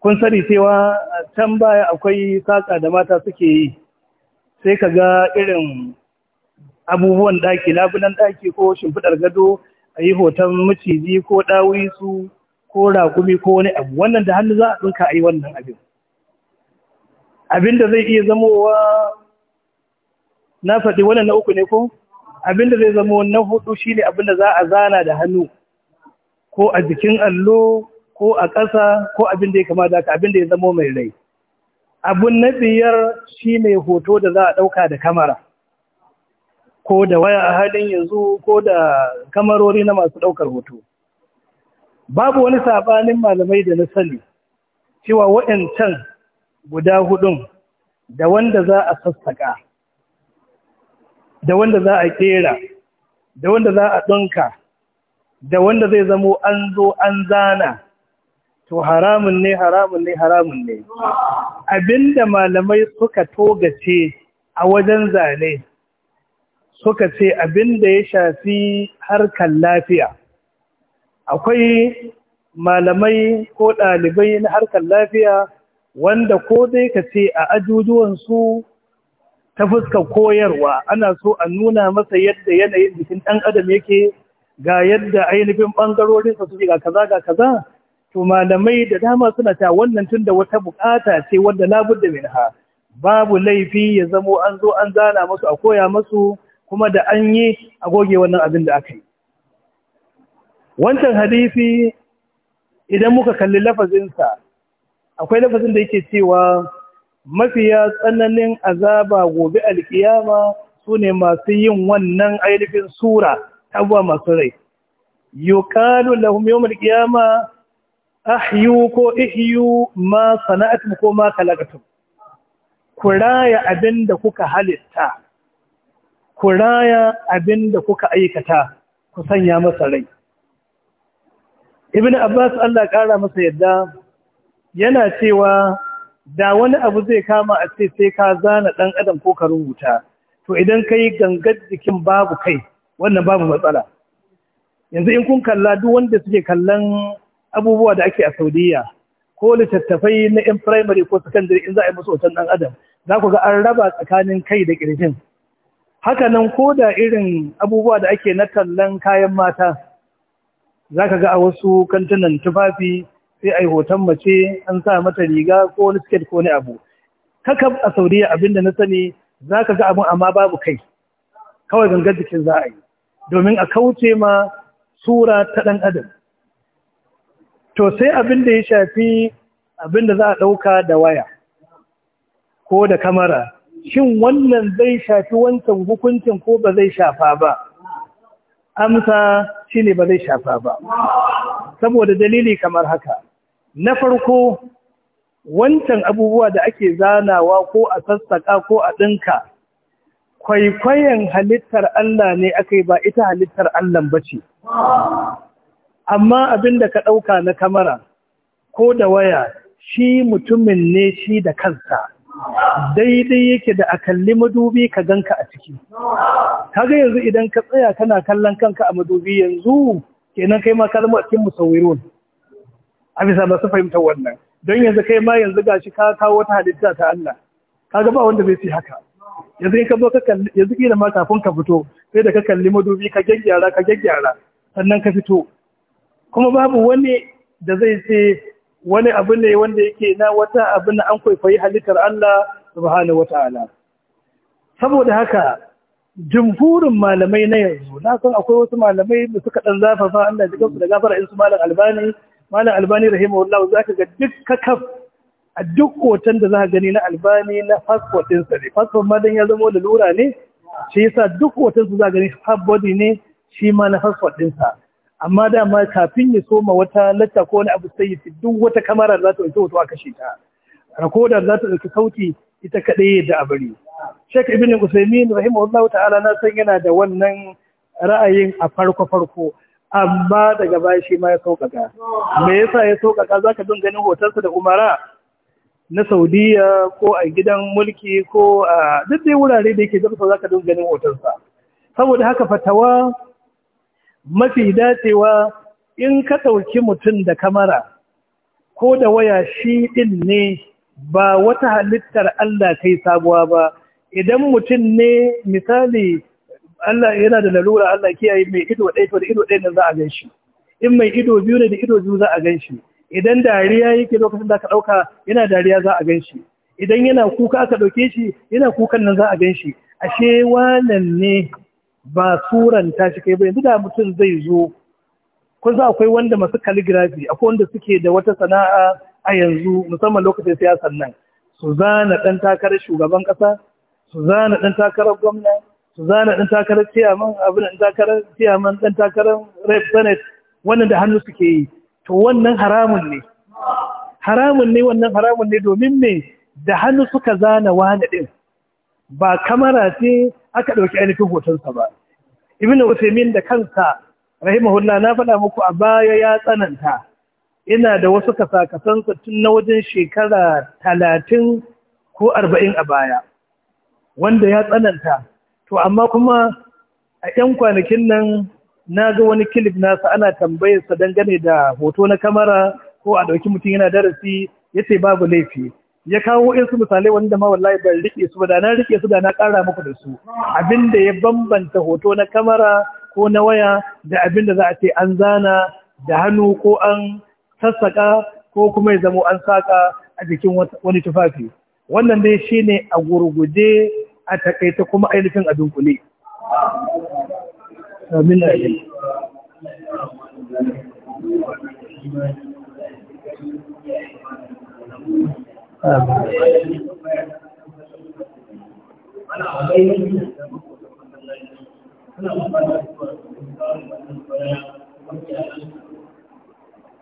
kun sani cewa can baya akwai saƙa da mata suke yi sai ka ga irin abubuwan ɗaki labunan ɗaki ko shimfiɗar gado a yi hoton maciji ko ɗawisu ko raƙumi ko wani abu wannan da hannu za a ɗinka a yi wannan abin abin da zai iya zamowa na faɗi wannan na uku ne ko abinda zai zama na hudu shine abinda za a zana da hannu ko a jikin allo ko a ƙasa ko abin da ya kama da abin da ya zama mai rai abun na biyar shine hoto da za a ɗauka da kamara ko da waya a halin yanzu ko da kamarori na masu ɗaukar hoto babu wani saɓanin malamai da na sani cewa waɗancan guda hudun da wanda za a sassaƙa da wanda za a kera da wanda za a ɗunka da wanda zai zamo an zo an zana to haramun ne haramun ne haramun ne abinda malamai suka togace a wajen zane suka ce abinda ya shafi harkar lafiya akwai malamai ko ɗalibai na harkar lafiya wanda ko dai ka ce a su. ta fuskar koyarwa ana so a nuna masa yadda yanayin jikin ɗan adam yake ga yadda ainihin ɓangarorinsa suke ga kaza ga kaza to malamai da dama suna ta wannan tun da wata bukata ce wanda na labudda minha babu laifi ya zamo an zo an zana masu a koya masu kuma da an yi a goge wannan abin da aka yi wancan hadisi idan muka kalli lafazinsa akwai lafazin da yake cewa mafiya tsananin azaba gobe alkiyama sune masu yin wannan ainihin sura abuwa masu rai yukalu lahum yawm alqiyama ahyu ko ihyu ma sana'atum ko ma khalaqatum raya abinda kuka halitta kuraya abinda kuka aikata ku sanya masa rai ibnu abbas Allah ƙara masa yadda yana cewa da wani abu zai kama a ce sai ka zana ɗan adam ko ka rubuta to idan ka yi gangar jikin babu kai wannan babu matsala yanzu in kun kalla duk wanda suke kallon abubuwa da ake a Saudiyya. ko littattafai na yan firamare ko sakandare in za a yi musu hoton ɗan adam za ku ga an raba tsakanin kai da ƙirjin haka nan ko da irin abubuwa da ake na tallan kayan mata za ka ga a wasu kantunan tufafi sai a yi hoton mace an sa mata riga ko wani siket ko wani abu kaka a saudiya da na sani za ka ga abin amma babu kai kawai gangar jikin za a yi domin a kauce ma sura ta ɗan adam to sai abin da ya shafi abin da za a ɗauka da waya ko da kamara shin wannan zai shafi wancan hukuncin ko ba zai shafa ba amsa shine ba zai shafa ba saboda dalili kamar haka na farko wancan abubuwa da ake zanawa ko a sassaka ko a ɗinka kwaikwayon halittar Allah ne aka ba ita halittar Allah ba ce amma abin da ka ɗauka na kamara ko da waya shi mutumin ne shi da kansa daidai yake da a kalli madubi ka ganka a ciki kaga yanzu idan ka tsaya kana kallon kanka a madubi yanzu kenan kai ma kalmar cikin musawirun a bisa masu fahimtar wannan don yanzu kai ma yanzu shi ka kawo wata halitta ta Allah Ka ga ba wanda zai ci haka yanzu ka zo ka kalli yanzu kila ma kafin ka fito sai da ka kalli madubi ka gyaggyara ka gyaggyara sannan ka fito kuma babu wani da zai ce wani abu ne wanda yake na wata abu na an kwaifayi halittar Allah subhanahu wata'ala saboda haka jumhurin malamai na yanzu na san akwai wasu malamai da suka dan zafafa Allah ya kansu da gafara in su malam albani malam albani rahimahullah za ka ga duk kakaf a duk hoton da za ka gani na albani na fasfot ɗinsa ne fasfot ma dan ya zama da lura ne shi yasa duk hoton su za ka gani body ne shi ma na fasfot ɗinsa amma dama kafin ya soma wata latta ko wani abu sai fi duk wata kamarar za ta ɗauki hoto a kashe ta rakodar za ta ɗauki sauti ita kaɗai da abari shek ibn usaimin rahimahullah ta'ala na san yana da wannan ra'ayin a farko farko amma daga bayan shi ma ya sauƙaƙa me yasa ya sauƙaƙa ka bin ganin hotarsa da umara na saudiya ko a gidan mulki ko a duk dai wurare da yake za ka bin ganin hotarsa saboda haka fatawa mafi dacewa in ka ɗauki mutum da kamara ko da waya shi ɗin ne ba wata halittar Allah kai sabuwa ba idan mutum ne misali Allah yana da lalura Allah kiyaye mai ido ɗaya to da ido ɗaya za a gan shi in mai ido biyu ne da ido biyu za a gan shi idan dariya yake lokacin da aka ɗauka yana dariya za a gan shi idan yana kuka aka ɗauke shi yana kukan nan za a gan shi ashe wannan ne ba ta shi kai ba yanzu da mutum zai zo ko za akwai wanda masu calligraphy akwai wanda suke da wata sana'a a yanzu musamman lokacin siyasan nan su zana ɗan takarar shugaban ƙasa su zana ɗan takarar gwamna su zana ɗan takarar ciyaman abin ɗan takarar ciyaman ɗan takarar red senate wannan da hannu suke yi to wannan haramun ne haramun ne wannan haramun ne domin me da hannu suka zana wani ɗin ba kamara ce aka ɗauki ainihin hotonsa ba ibn min da kansa rahimahullah na faɗa muku a baya ya tsananta ina da wasu kasakasansa tun na wajen shekara talatin ko arba'in a baya wanda ya tsananta to amma kuma a 'yan kwanakin nan na ga wani kilif nasa ana tambayarsa dangane da hoto na kamara ko a ɗauki mutum yana darasi ya ce babu laifi ya kawo su misalai wanda ma wallahi ban rike su ba da na rike su da na ƙara muku da su abinda ya bambanta hoto na kamara ko na waya da abinda za a ce an zana da hannu ko an sassaƙa ko kuma ya zamo an saƙa a jikin wani tufafi wannan dai shine a gurguje a takaita kuma ainihin abin dunkule amin da yi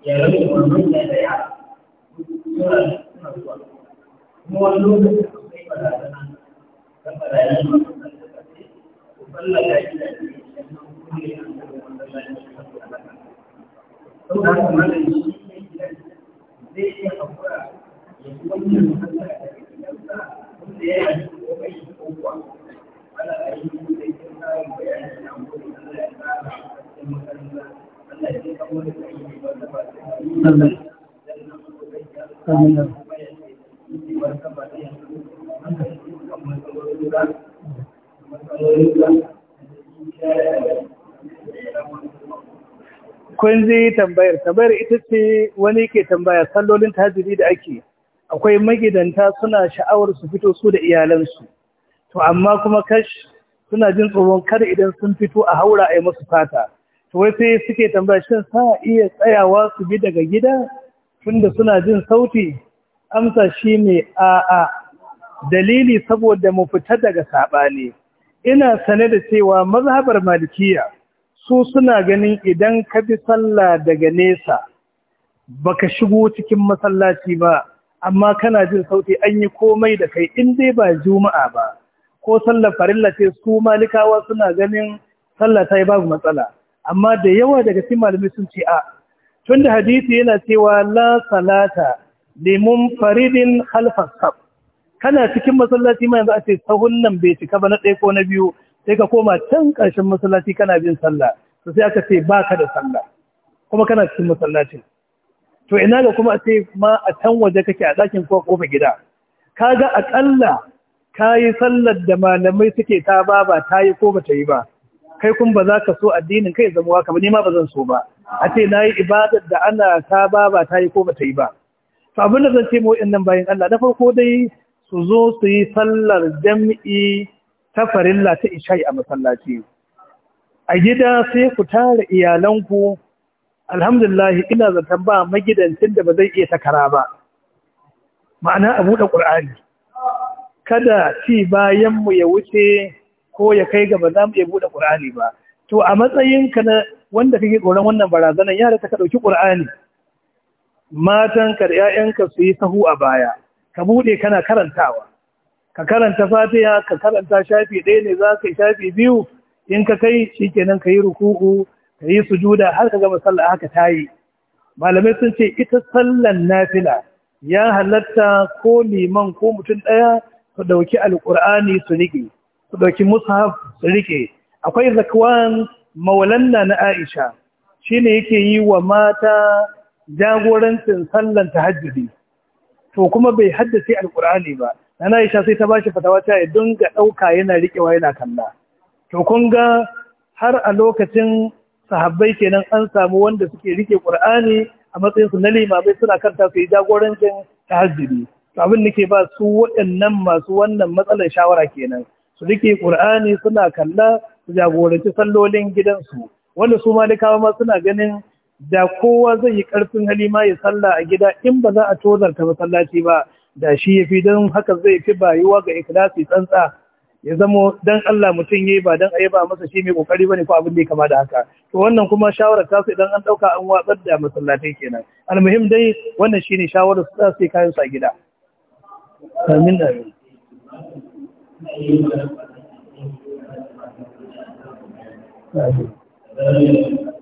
Yaran da Amin. kun ji tambayar tambayar ita ce wani ke tambaya sallolin tajiri da ake akwai magidanta suna sha'awar su fito su da iyalansu to amma kuma kash suna jin tsohon kada idan sun fito a haura a yi masu fata to wai sai suke tambaya shi sa iya tsayawa su bi daga gida tunda suna jin sauti amsa shi ne a'a dalili saboda mu fita daga saɓani ina sane da cewa mazhabar malikiya su suna ganin idan ka bi sallah daga nesa baka shigo cikin masallaci ba amma kana jin sauti an yi komai da kai in dai ba juma'a ba ko sallar farilla ce su malikawa suna ganin sallah ta yi babu matsala amma da yawa daga cikin malamai sun ce a tunda hadisi yana cewa la salata limun faridin khalfas kaf kana cikin masallaci ma yanzu a ce sahun nan bai cika ba na ɗaya ko na biyu sai ka koma can ƙarshen masallaci kana bin sallah to sai aka ce ba ka da sallah kuma kana cikin masallaci to ina ga kuma a ce ma a can waje kake a ɗakin ko kofa gida ka ga aƙalla ka yi sallar da malamai suke ta ba ba ta yi ko ba ta yi ba kai kun ba za ka so addinin kai zama waka ba ni ma ba zan so ba a ce na yi ibadar da ana ta ba ba ta yi ko ba ta yi ba to abin da zan ce mu nan bayan Allah na farko dai su zo su yi sallar jam'i ta farilla ta isha'i a masallaci. A gida sai ku tara iyalanku, alhamdulillah ina zaton ba magidancin da ba zai iya takara ba, ma'ana a buɗe ƙur'ani. Kada ci bayanmu ya wuce ko ya kai gaba za mu iya buɗe ƙur'ani ba. To a matsayinka na wanda kake tsoron wannan barazanar yara ta ka ɗauki ƙur'ani, matanka da ‘ya'yanka su yi sahu a baya. ka buɗe kana karantawa ka karanta fatiha ka karanta shafi ɗaya ne za ka yi shafi biyu in ka kai shi kenan ka yi ruku'u ka yi sujuda har ka gama sallah haka ta yi malamai sun ce ita sallan nafila ya halatta ko liman ko mutum ɗaya su ɗauki alƙur'ani su riƙe su ɗauki mushaf su riƙe akwai zakwan maulanna na aisha shine yake yi wa mata jagorancin sallan tahajjudi to kuma bai haddace alkur'ani ba nana Aisha sai ta bashi fatawa ta yi. Don dinga ɗauka yana riƙewa yana kalla to kun ga har a lokacin sahabbai kenan an samu wanda suke rike ƙur'ani a matsayin su na limamai suna karta su yi jagorancin tahajjudi to abin nake ba su waɗannan masu wannan matsalar shawara kenan su rike ƙur'ani suna kalla su jagoranci sallolin gidansu wanda su malikawa ma suna ganin da kowa zai yi ƙarfin hali ma ya salla a gida in ba za a tozarta masallaci ba da shi ya fi don haka zai fi bayuwa ga ikilasi tsantsa ya zamo don Allah mutum yi ba don a ba masa shi mai kokari ne ko abin da ya kama da haka to wannan kuma shawarar ta idan an ɗauka an watsar da masallatai kenan almuhim dai wannan shine shawarar su sai kayan a gida Thank you.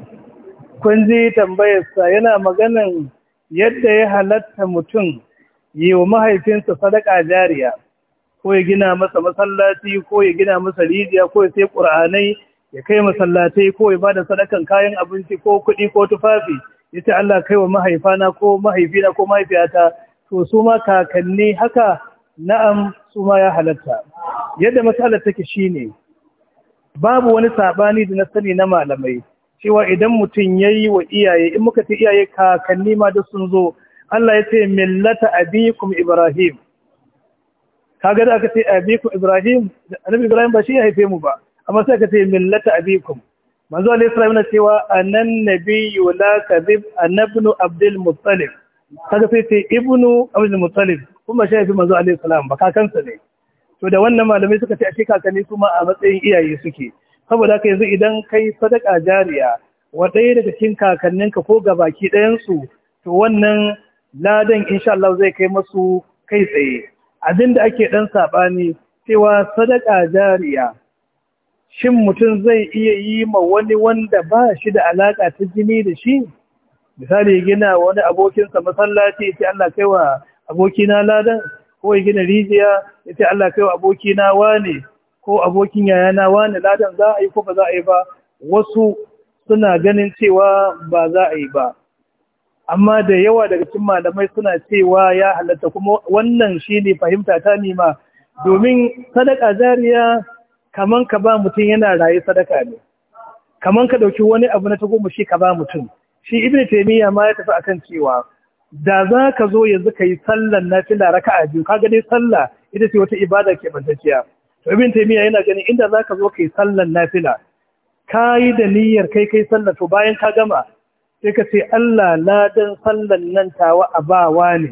kun ji tambayarsa yana maganan yadda ya halatta mutum yi wa mahaifinsa sadaka jariya ko ya gina masa masallaci ko ya gina masa rijiya ko ya sai ƙur'anai ya kai masallatai ko ya bada sadakan kayan abinci ko kuɗi ko tufafi ya ce Allah kai wa mahaifana ko mahaifina ko mahaifiyata to su ma kakanni haka na'am su ma ya halatta yadda matsalar take shine babu wani sabani da na sani na malamai cewa idan mutum ya yi wa iyaye in muka ce iyaye kakanni ma duk sun zo Allah ya ce millata abikum ibrahim kaga da aka ce abikum ibrahim annabi ibrahim ba shi ya haife mu ba amma sai aka ce millata abikum manzo alayhi salam na cewa annan nabi yula kadib annabnu abdul muttalib kaga sai ce ibnu abdul muttalib kuma shi ya haife manzo alayhi salam ba kakansa ne to da wannan malamai suka ce a shi kakanni kuma a matsayin iyaye suke saboda haka yanzu idan kai sadaka jariya wa ɗaya daga cikin kakanninka ko ga baki ɗayansu to wannan ladan insha Allah zai kai masu kai tsaye abinda ake ɗan saɓani cewa sadaka jariya shin mutum zai iya yi ma wani wanda ba shi da alaka ta jini da shi misali gina wani abokinsa masallaci ce Allah kai abokina ladan ko ya gina rijiya ya ce Allah kai abokina wane ko abokin yayana wani ladan za a yi ko ba za a yi ba wasu suna ganin cewa ba za a yi ba amma da yawa daga cikin malamai suna cewa ya halatta kuma wannan shine fahimta ta nima domin sadaka zariya kaman ka ba mutum yana raye sadaka ne kaman ka dauki wani abu na shi ka ba mutum shi ibnu taymiya ma ya tafi akan cewa da za ka zo yanzu ka yi sallan nafila raka'a biyu kaga dai sallah ita ce wata ibada ke bantaciya ibn taymiya yana ganin inda za ka zo kai sallan nafila kai da niyyar kai kai sallar to bayan ka gama sai ka ce Allah ladan sallan nan tawa abawa ne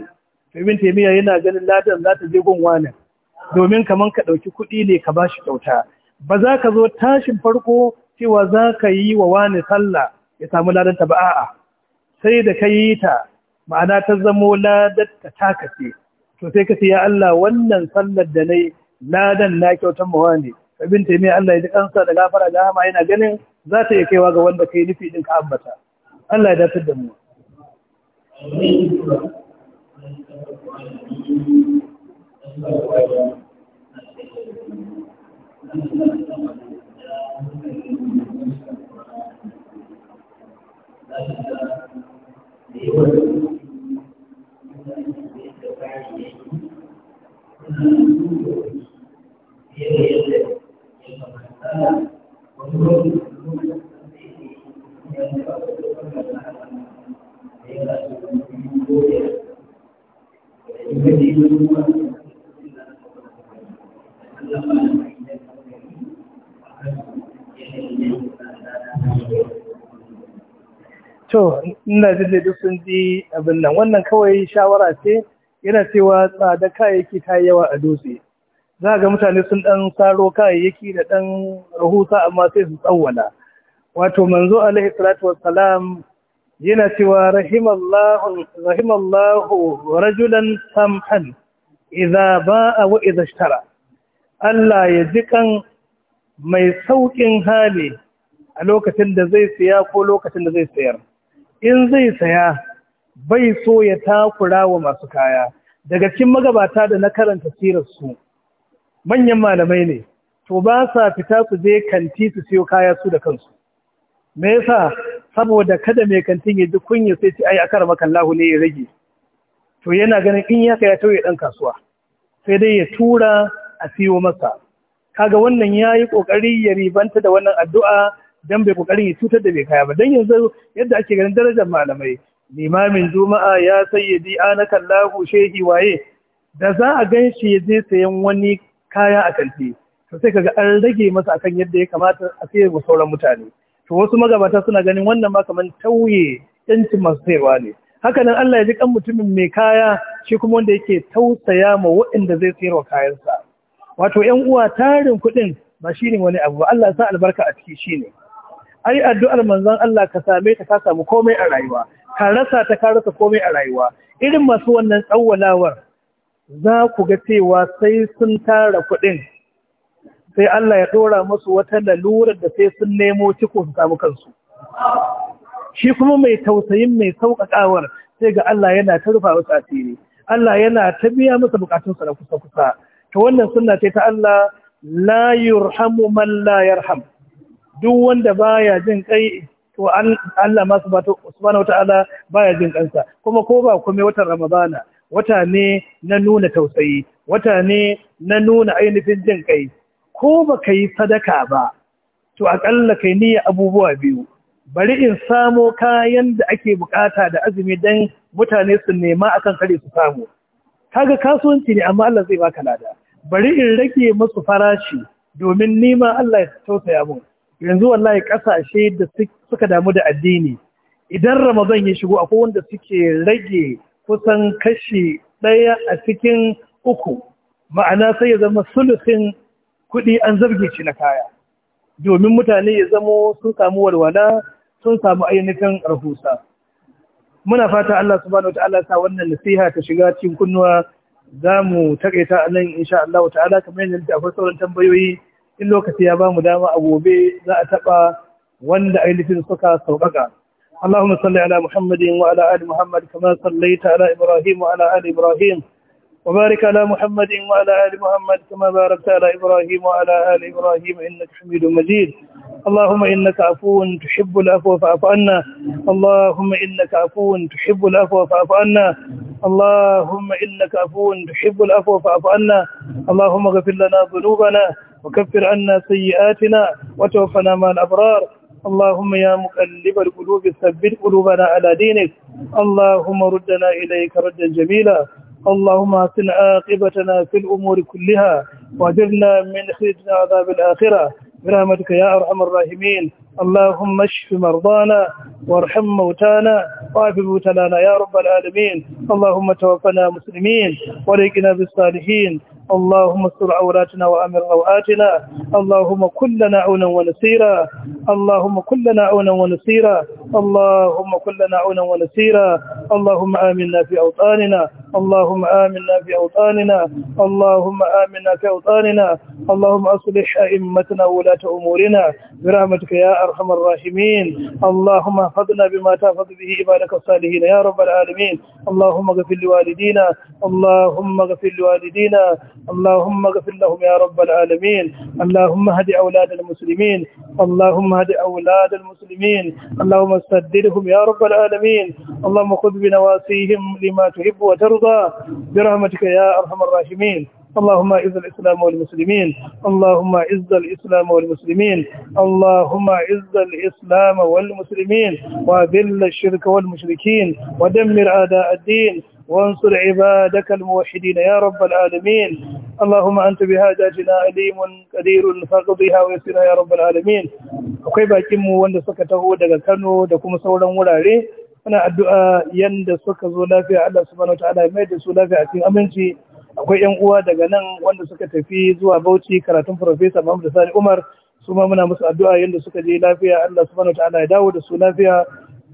ibn taymiya yana ganin ladan za ta je gun wani domin kaman ka ɗauki kuɗi ne ka ba shi kyauta ba za ka zo tashin farko cewa za ka yi wa wani sallah ya samu ladan ta ba a'a sai da ka yi ta ma'ana ta zamo ladar ta taka to sai ka ce ya Allah wannan sallar da nayi ladan na kyautan mawa ne abin ta mai Allah ya ji kansa da gafara da hama yana ganin za ta iya kaiwa ga wanda kai nufi din ka ambata Allah ya datar da mu ina jin da duk sun ji abin nan wannan kawai shawara ce yana cewa tsada kayayyaki ta yawa a dutse za ga mutane sun dan saro kayayyaki da dan rahusa amma sai su tsawwala wato manzo alaihi salatu wassalam yana cewa rahimallahu rahimallahu rajulan samhan idza ba'a wa idza ishtara Allah ya ji mai saukin hali a lokacin da zai siya ko lokacin da zai sayar in zai saya bai so ya takura wa masu kaya daga cikin magabata da na karanta su. manyan malamai ne to ba sa fita su je kanti su siyo kaya su da kansu me yasa saboda kada mai kantin ya ji kunya sai ce ai akar makallahu ne ya rage to yana ganin in ya ya tauye dan kasuwa sai dai ya tura a siyo masa kaga wannan yayi kokari ya ribanta da wannan addu'a dan bai kokarin ya cutar da bai kaya ba dan yanzu yadda ake ganin darajar malamai limamin juma'a ya sayyidi anaka Allahu shehi waye da za a gan shi ya je sayan wani kaya a kanti to sai kaga an rage masa akan yadda ya kamata a sai ga sauran mutane to wasu magabata suna ganin wannan ma kaman tauye yancin masu sayarwa ne haka nan Allah ya ji kan mutumin mai kaya shi kuma wanda yake tausaya ma waɗanda zai sayarwa kayansa wato 'yan uwa tarin kuɗin ba shine wani abu Allah sa albarka a ciki shi ne. ai addu'ar manzon Allah ka same ta ka samu komai a rayuwa ka rasa ta ka rasa komai a rayuwa irin masu wannan tsawalawar, za ku ga cewa sai sun tara kuɗin sai Allah ya ɗora musu wata lalurar da sai sun nemo ciko su samu kansu shi kuma mai tausayin mai sauƙaƙawar sai ga Allah yana ta rufa wasu asiri Allah yana ta biya masa sa na kusa-kusa ta wannan sunna ce ta Allah la yurhamu man la yarham duk wanda baya jin kai to Allah ma subhanahu wata'ala baya jin kansa kuma ko ba kuma watan Ramadana wata ne na nuna tausayi wata ne na nuna ainihin jin kai ko ba ka yi sadaka ba to akalla kai niyya abubuwa biyu bari in samo kayan da ake bukata da azumi dan mutane su nema akan kare su samu kaga kasuwanci ne amma Allah zai baka lada bari in rage musu farashi domin nima Allah ya tausaya mun yanzu wallahi kasashe da suka damu da addini idan ramadan ya shigo akwai wanda suke rage kusan kashi ɗaya a cikin uku ma'ana sai ya zama sulusin kuɗi an zarge shi na kaya domin mutane ya zamo sun samu walwala sun samu ainihin rahusa muna fata Allah subhanahu wataala sa wannan nasiha ta shiga cikin kunnuwa za mu taƙaita a nan insha Allah ta'ala kamar yadda akwai sauran tambayoyi in lokaci ya bamu dama a gobe za a taba wanda ainihin suka sauƙaƙa اللهم صل على محمد وعلى آل محمد كما صليت على إبراهيم وعلى آل إبراهيم وبارك على محمد وعلى آل محمد كما باركت على إبراهيم وعلى آل إبراهيم إنك حميد مجيد اللهم إنك عفو تحب العفو فاعف عنا اللهم إنك عفو تحب العفو فاعف عنا اللهم إنك عفو تحب العفو فاعف عنا اللهم اغفر لنا ذنوبنا وكفر عنا سيئاتنا وتوفنا مع الأبرار اللهم يا مقلب القلوب ثبت قلوبنا على دينك اللهم ردنا إليك ردا جميلا اللهم احسن عاقبتنا في الأمور كلها واجرنا من خزي عذاب الآخرة برحمتك يا أرحم الراحمين اللهم اشف مرضانا وارحم موتانا وعاف مبتلانا يا رب العالمين اللهم توفنا مسلمين وليقنا بالصالحين اللهم استر عوراتنا وامن رواتنا اللهم كلنا عونا ونصيرا اللهم كلنا عونا ونصيرا اللهم كلنا عونا ونصيرا اللهم امنا في اوطاننا اللهم امنا في اوطاننا اللهم امنا في اوطاننا اللهم اصلح ائمتنا وولاة امورنا برحمتك يا أرحم الراحمين اللهم احفظنا بما تحفظ به عبادك الصالحين يا رب العالمين اللهم اغفر لوالدينا اللهم اغفر لوالدينا اللهم اغفر لهم يا رب العالمين اللهم هد أولاد المسلمين اللهم هد أولاد المسلمين اللهم سددهم يا رب العالمين اللهم خذ بنواسيهم لما تحب وترضى برحمتك يا أرحم الراحمين اللهم اعز الإسلام والمسلمين اللهم اعز الإسلام والمسلمين اللهم اعز الإسلام والمسلمين وأذل الشرك والمشركين ودمر أعداء الدين وانصر عبادك الموحدين يا رب العالمين اللهم أنت بهاجاتنا أليم قدير فاقضيها ويسرها يا رب العالمين akwai bakinmu wanda suka taho daga Kano da kuma sauran wurare muna addu'a yanda suka zo lafiya Allah subhanahu wataala ya mai da su lafiya cikin aminci akwai yan uwa daga nan wanda suka tafi zuwa Bauchi karatun Professor Muhammad Sani Umar su ma muna musu addu'a yanda suka je lafiya Allah subhanahu ta'ala ya dawo da su lafiya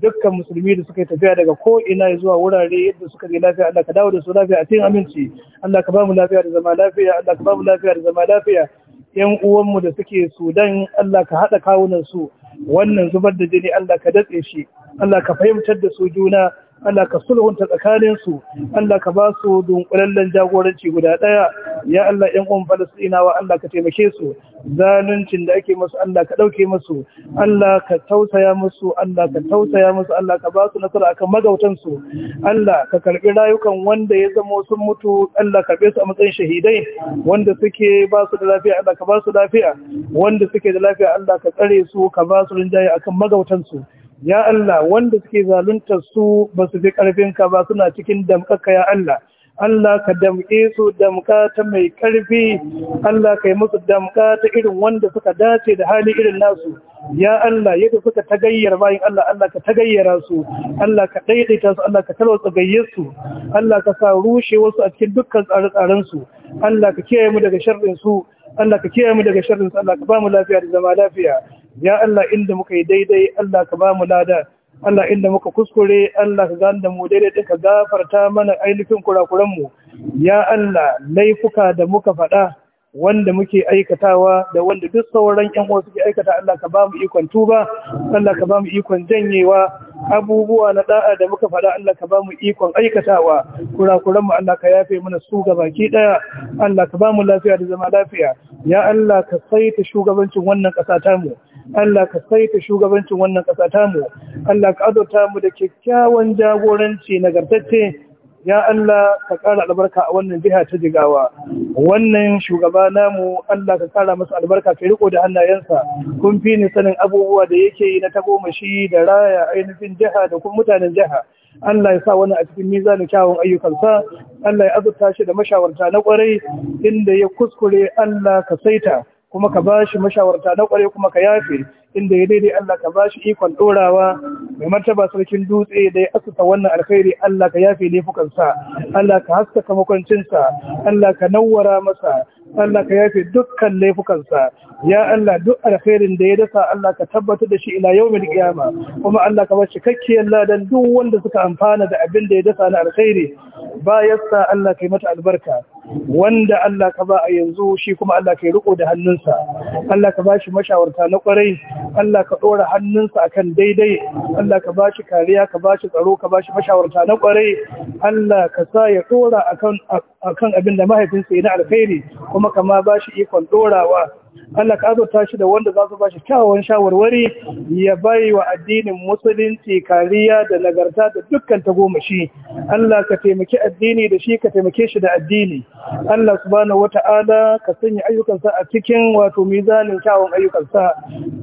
dukkan musulmi da suka tafiya daga ko ina zuwa wurare yadda suka je lafiya Allah ka dawo da su lafiya a cikin aminci Allah ka ba mu lafiya da zama lafiya Allah ka ba mu lafiya da zama lafiya yan uwanmu da suke Sudan Allah ka haɗa kawunan su wannan zubar da jini Allah ka datse shi Allah ka fahimtar da su juna Allah ka sulhunta tsakaninsu Allah ka ba su dunkulallen jagoranci guda ɗaya ya Allah ƙun uwan wa Allah ka taimake su zaluncin da ake masu Allah ka ɗauke masu. Allah ka tausaya masu Allah ka tausaya masu Allah ka ba su nasara akan magautansu Allah ka karɓi rayukan wanda ya zama sun mutu Allah karɓe su a matsayin shahidai wanda suke ba su da lafiya Allah ka ba su lafiya wanda suke da lafiya Allah ka tsare su ka ba su rinjaye akan magautansu ya Allah wanda suke zalunta su ba su fi ƙarfinka ba suna cikin damƙaka ya Allah Allah ka damƙe su damƙa ta mai ƙarfi Allah ka yi musu damƙa ta irin wanda suka dace da hali irin nasu ya Allah yadda suka tagayyar bayan Allah Allah ka tagayyara su Allah ka daidaita su Allah ka tarwatsa gayyar su Allah ka sa rushe wasu a cikin dukkan tsare-tsaren su Allah ka kiyaye mu daga sharrin su Allah ka kiyaye mu daga sharrin sa Allah ka ba mu lafiya da zama lafiya ya Allah inda muka yi daidai Allah ka ba mu lada Allah inda muka kuskure Allah ka gane da mu daidai da ka gafarta mana ainihin kurakuran mu ya Allah laifuka da muka faɗa wanda muke aikatawa da wanda duk sauran yan uwa suke aikata Allah ka ba mu ikon tuba Allah ka ba mu ikon janyewa abubuwa na da'a da muka faɗa Allah ka ba mu ikon aikatawa kurakuranmu Allah ka yafe mana su ga baki daya Allah ka ba mu lafiya da zama lafiya ya Allah ka saita shugabancin wannan ƙasa ta mu Allah ka saita shugabancin wannan ƙasa ta Allah ka azurta mu da kyakkyawan jagoranci nagartacce ya Allah ka kara albarka a wannan jiha ta jigawa wannan shugaba namu Allah ka kara masa albarka ka riko da hannayensa kun fi ni sanin abubuwa da yake yi na tagomashi da raya ainihin jiha da kuma mutanen jiha Allah ya sa wani a cikin mizanin kyawun ayyukansa Allah ya azurta shi da mashawarta na kwarai inda ya kuskure Allah ka saita kuma ka ba shi mashawarta na kwarai kuma ka yafe inda ya daidai Allah ka bashi ikon dorawa mai martaba sarkin dutse da ya asusa wannan alkhairi Allah ka yafe laifukansa Allah ka haskaka makwancinsa Allah ka nawwara masa Allah ka yafe dukkan laifukansa ya Allah duk alkhairin da ya dasa Allah ka tabbatar da shi ila yawmil qiyama kuma Allah ka bashi kakkiyar ladan duk wanda suka amfana da abin da ya dasa na alkhairi bayan sa Allah ka yi mata albarka wanda Allah ka ba a yanzu shi kuma Allah ka yi riko da hannunsa Allah ka ba shi mashawarta na kwarai Allah ka ɗora hannunsa akan daidai Allah ka ba shi kariya ka ba shi tsaro ka ba shi mashawarta na kwarai Allah ka sa ya ɗora akan abin da mahaifinsa ya na alkhairi kuma kama ba shi ikon ɗorawa Allah ka azurta shi da wanda za su ba shi kyawawan shawarwari ya bai wa addinin musulunci kariya da nagarta da dukkan shi. Allah ka taimaki addini da shi ka taimake shi da addini. Allah subhanahu wata'ala ka sanya ayyukansa a cikin wato mizanin kyawun ayyukansa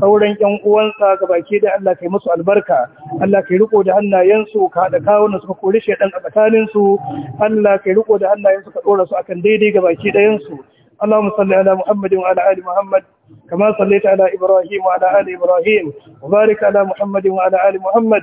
sauran ƴan uwansa gabaki da Allah kai musu albarka Allah kai riko da hannayensu ka haɗa kawunan suka kori shedan a tsakaninsu Allah kai riko da hannayensu ka ɗora su akan daidai gabaki ɗayansu wa ala ali Muhammad kama sallaita ala Ibrahim wa ala ali Ibrahim wa barik ala Muhammadin wa ala Ali Muhammad.